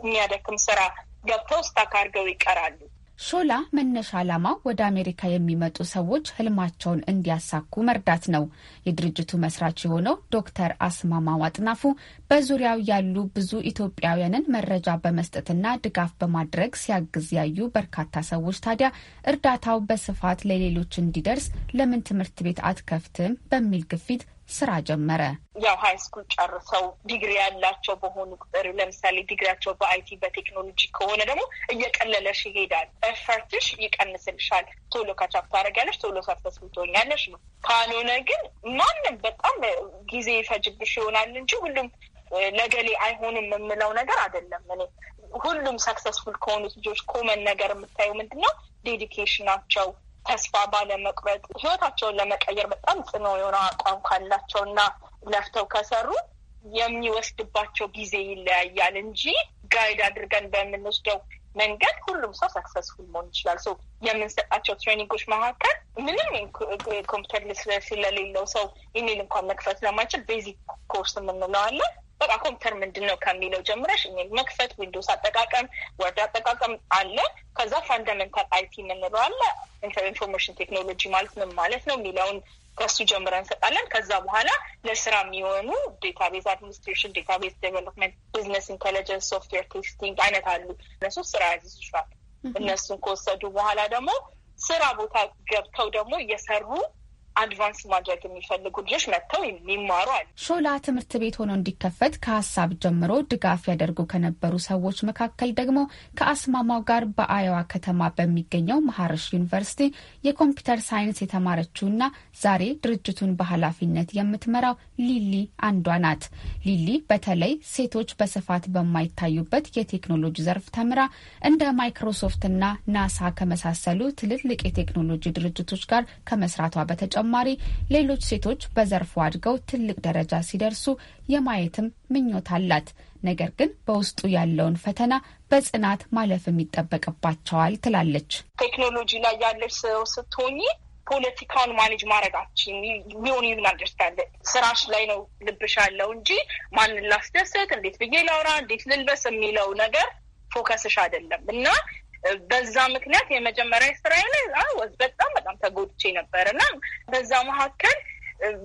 የሚያደክም ስራ ገብተው ስታክ አድርገው ይቀራሉ። ሾላ መነሻ ዓላማው ወደ አሜሪካ የሚመጡ ሰዎች ህልማቸውን እንዲያሳኩ መርዳት ነው። የድርጅቱ መስራች የሆነው ዶክተር አስማማው አጥናፉ በዙሪያው ያሉ ብዙ ኢትዮጵያውያንን መረጃ በመስጠትና ድጋፍ በማድረግ ሲያግዝ ያዩ በርካታ ሰዎች ታዲያ እርዳታው በስፋት ለሌሎች እንዲደርስ ለምን ትምህርት ቤት አትከፍትም በሚል ግፊት ስራ ጀመረ። ያው ሀይ ስኩል ጨርሰው ዲግሪ ያላቸው በሆኑ ቁጥር ለምሳሌ ዲግሪያቸው በአይቲ በቴክኖሎጂ ከሆነ ደግሞ እየቀለለሽ ይሄዳል። ኤፈርትሽ ይቀንስልሻል። ቶሎ ካቻፕ ታደርጊያለሽ፣ ቶሎ ሰክሰስፉል ትሆኛለሽ ነው። ካልሆነ ግን ማንም በጣም ጊዜ ይፈጅብሽ ይሆናል እንጂ ሁሉም ለገሌ አይሆንም የምለው ነገር አይደለም። እኔ ሁሉም ሰክሰስፉል ከሆኑት ልጆች ኮመን ነገር የምታየው ምንድን ነው ዴዲኬሽናቸው ተስፋ ባለመቁረጥ ህይወታቸውን ለመቀየር በጣም ጽኖ የሆነ አቋም ካላቸው እና ለፍተው ከሰሩ የሚወስድባቸው ጊዜ ይለያያል እንጂ ጋይድ አድርገን በምንወስደው መንገድ ሁሉም ሰው ሰክሰስፉል መሆን ይችላል። ሰው የምንሰጣቸው ትሬኒንጎች መካከል ምንም ኮምፒውተር ስለሌለው ሰው ኢሜል እንኳን መክፈት ለማይችል ቤዚክ ኮርስ የምንለዋለን በቃ ኮምፒውተር ምንድን ነው ከሚለው ጀምረሽ መክፈት፣ ዊንዶስ አጠቃቀም፣ ወርድ አጠቃቀም አለ። ከዛ ፋንዳሜንታል አይቲ የምንለው አለ። ኢንፎርሜሽን ቴክኖሎጂ ማለት ምን ማለት ነው የሚለውን ከሱ ጀምረ እንሰጣለን። ከዛ በኋላ ለስራ የሚሆኑ ዴታቤዝ አድሚኒስትሬሽን፣ ዴታቤዝ ዴቨሎፕመንት፣ ቢዝነስ ኢንቴሊጀንስ፣ ሶፍትዌር ቴስቲንግ አይነት አሉ። እነሱ ስራ ያዝዙሻል። እነሱን ከወሰዱ በኋላ ደግሞ ስራ ቦታ ገብተው ደግሞ እየሰሩ አድቫንስ ማድረግ የሚፈልጉ ልጆች መጥተው የሚማሩ አሉ። ሾላ ትምህርት ቤት ሆኖ እንዲከፈት ከሀሳብ ጀምሮ ድጋፍ ያደርጉ ከነበሩ ሰዎች መካከል ደግሞ ከአስማማው ጋር በአየዋ ከተማ በሚገኘው መሀረሽ ዩኒቨርሲቲ የኮምፒውተር ሳይንስ የተማረችው እና ዛሬ ድርጅቱን በኃላፊነት የምትመራው ሊሊ አንዷ ናት። ሊሊ በተለይ ሴቶች በስፋት በማይታዩበት የቴክኖሎጂ ዘርፍ ተምራ እንደ ማይክሮሶፍት እና ናሳ ከመሳሰሉ ትልልቅ የቴክኖሎጂ ድርጅቶች ጋር ከመስራቷ በተጨ በተጨማሪ ሌሎች ሴቶች በዘርፉ አድገው ትልቅ ደረጃ ሲደርሱ የማየትም ምኞት አላት። ነገር ግን በውስጡ ያለውን ፈተና በጽናት ማለፍም ይጠበቅባቸዋል ትላለች። ቴክኖሎጂ ላይ ያለች ሰው ስትሆኚ ፖለቲካውን ማኔጅ ማድረጋችን ሊሆን ይሁን አደርስታለ ስራሽ ላይ ነው ልብሽ ያለው እንጂ ማንን ላስደሰት፣ እንዴት ብዬ ላውራ፣ እንዴት ልልበስ የሚለው ነገር ፎከስሽ አይደለም እና በዛ ምክንያት የመጀመሪያ ስራዬ ላይ በጣም በጣም ተጎድቼ ነበር እና በዛ መካከል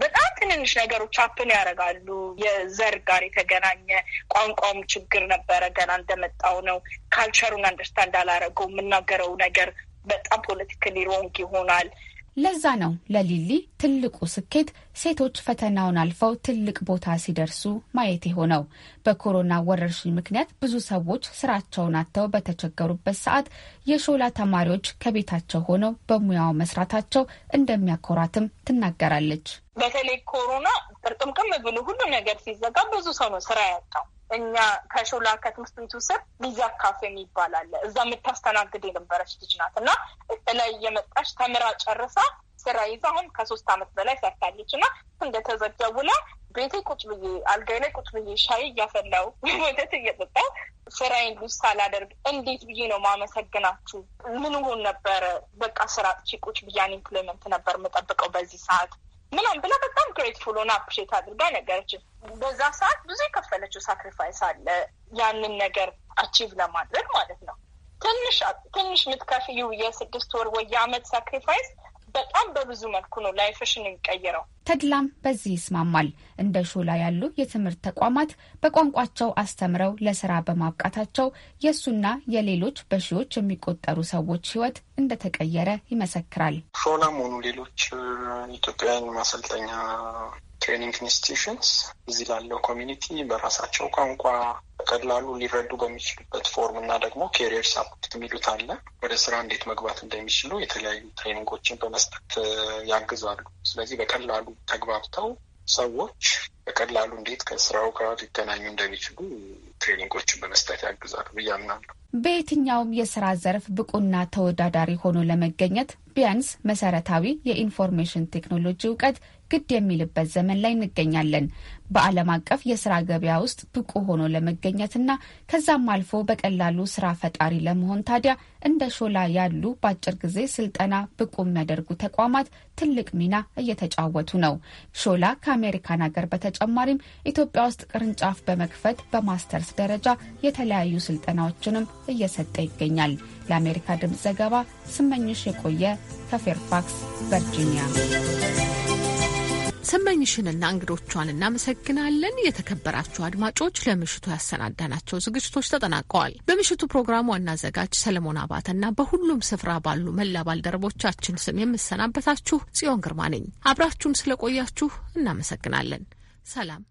በጣም ትንንሽ ነገሮች አፕን ያደርጋሉ። የዘር ጋር የተገናኘ ቋንቋውም ችግር ነበረ። ገና እንደመጣው ነው። ካልቸሩን አንደርስታንድ አላደረገው የምናገረው ነገር በጣም ፖለቲካሊ ሮንግ ይሆናል። ለዛ ነው ለሊሊ ትልቁ ስኬት ሴቶች ፈተናውን አልፈው ትልቅ ቦታ ሲደርሱ ማየት የሆነው። በኮሮና ወረርሽኝ ምክንያት ብዙ ሰዎች ስራቸውን አጥተው በተቸገሩበት ሰዓት የሾላ ተማሪዎች ከቤታቸው ሆነው በሙያው መስራታቸው እንደሚያኮራትም ትናገራለች። በተለይ ኮሮና ጥርቅምቅም ብሎ ሁሉ ነገር ሲዘጋ ብዙ ሰው ነው ስራ ያጣው። እኛ ከሾላ ከትምህርት ቤቱ ስር ቢዛ ካፌ የሚባል አለ። እዛ የምታስተናግድ የነበረች ልጅ ናት እና ላይ እየመጣች ተምራ ጨርሳ ስራ ይዛ አሁን ከሶስት አመት በላይ ሰርታለች እና እንደተዘጋ ውላ ቤቴ ቁጭ ብዬ አልጋይ ላይ ቁጭ ብዬ ሻይ እያፈላው ወተት እየጠጣው ስራዬን ሉዝ ሳላደርግ እንዴት ብዬ ነው ማመሰግናችሁ? ምን ሆን ነበረ በቃ ስራ ቁጭ ብዬ እኔ ነበር የምጠብቀው በዚህ ሰዓት ምናምን ብላ በጣም ግሬትፉል ሆና አፕሬት አድርጋ ነገረችን። በዛ ሰዓት ብዙ የከፈለችው ሳክሪፋይስ አለ ያንን ነገር አቺቭ ለማድረግ ማለት ነው። ትንሽ ትንሽ የምትከፍዩ የስድስት ወር ወይ የአመት ሳክሪፋይስ በጣም በብዙ መልኩ ነው ላይፍሽን የሚቀይረው። ተድላም በዚህ ይስማማል። እንደ ሾላ ያሉ የትምህርት ተቋማት በቋንቋቸው አስተምረው ለስራ በማብቃታቸው የእሱና የሌሎች በሺዎች የሚቆጠሩ ሰዎች ህይወት እንደተቀየረ ይመሰክራል። ሾላም ሆኑ ሌሎች ኢትዮጵያውያን ማሰልጠኛ ትሬኒንግ ኢንስቲትዩሽንስ እዚህ ላለው ኮሚኒቲ በራሳቸው ቋንቋ በቀላሉ ሊረዱ በሚችሉበት ፎርም እና ደግሞ ኬሪየር ሳፖርት የሚሉት አለ። ወደ ስራ እንዴት መግባት እንደሚችሉ የተለያዩ ትሬኒንጎችን በመስጠት uh, ያግዛሉ። ስለዚህ በቀላሉ ተግባብተው ሰዎች በቀላሉ እንዴት ከስራው ጋር ሊገናኙ እንደሚችሉ ትሬኒንጎችን በመስጠት ያግዛሉ ብዬ አምናለሁ። በየትኛውም የስራ ዘርፍ ብቁና ተወዳዳሪ ሆኖ ለመገኘት ቢያንስ መሰረታዊ የኢንፎርሜሽን ቴክኖሎጂ እውቀት ግድ የሚልበት ዘመን ላይ እንገኛለን። በዓለም አቀፍ የስራ ገበያ ውስጥ ብቁ ሆኖ ለመገኘትና ከዛም አልፎ በቀላሉ ስራ ፈጣሪ ለመሆን ታዲያ እንደ ሾላ ያሉ በአጭር ጊዜ ስልጠና ብቁ የሚያደርጉ ተቋማት ትልቅ ሚና እየተጫወቱ ነው። ሾላ ከአሜሪካን ሀገር በተጨማሪም ኢትዮጵያ ውስጥ ቅርንጫፍ በመክፈት በማስተርስ ደረጃ የተለያዩ ስልጠናዎችንም እየሰጠ ይገኛል። ለአሜሪካ ድምፅ ዘገባ ስመኝሽ የቆየ ከፌርፋክስ ቨርጂኒያ። ሰማኝሽንና እንግዶቿን እናመሰግናለን። የተከበራችሁ አድማጮች ለምሽቱ ያሰናዳናቸው ዝግጅቶች ተጠናቀዋል። በምሽቱ ፕሮግራም ዋና አዘጋጅ ሰለሞን አባተና በሁሉም ስፍራ ባሉ መላ ባልደረቦቻችን ስም የምሰናበታችሁ ጽዮን ግርማ ነኝ። አብራችሁን ስለቆያችሁ እናመሰግናለን። ሰላም።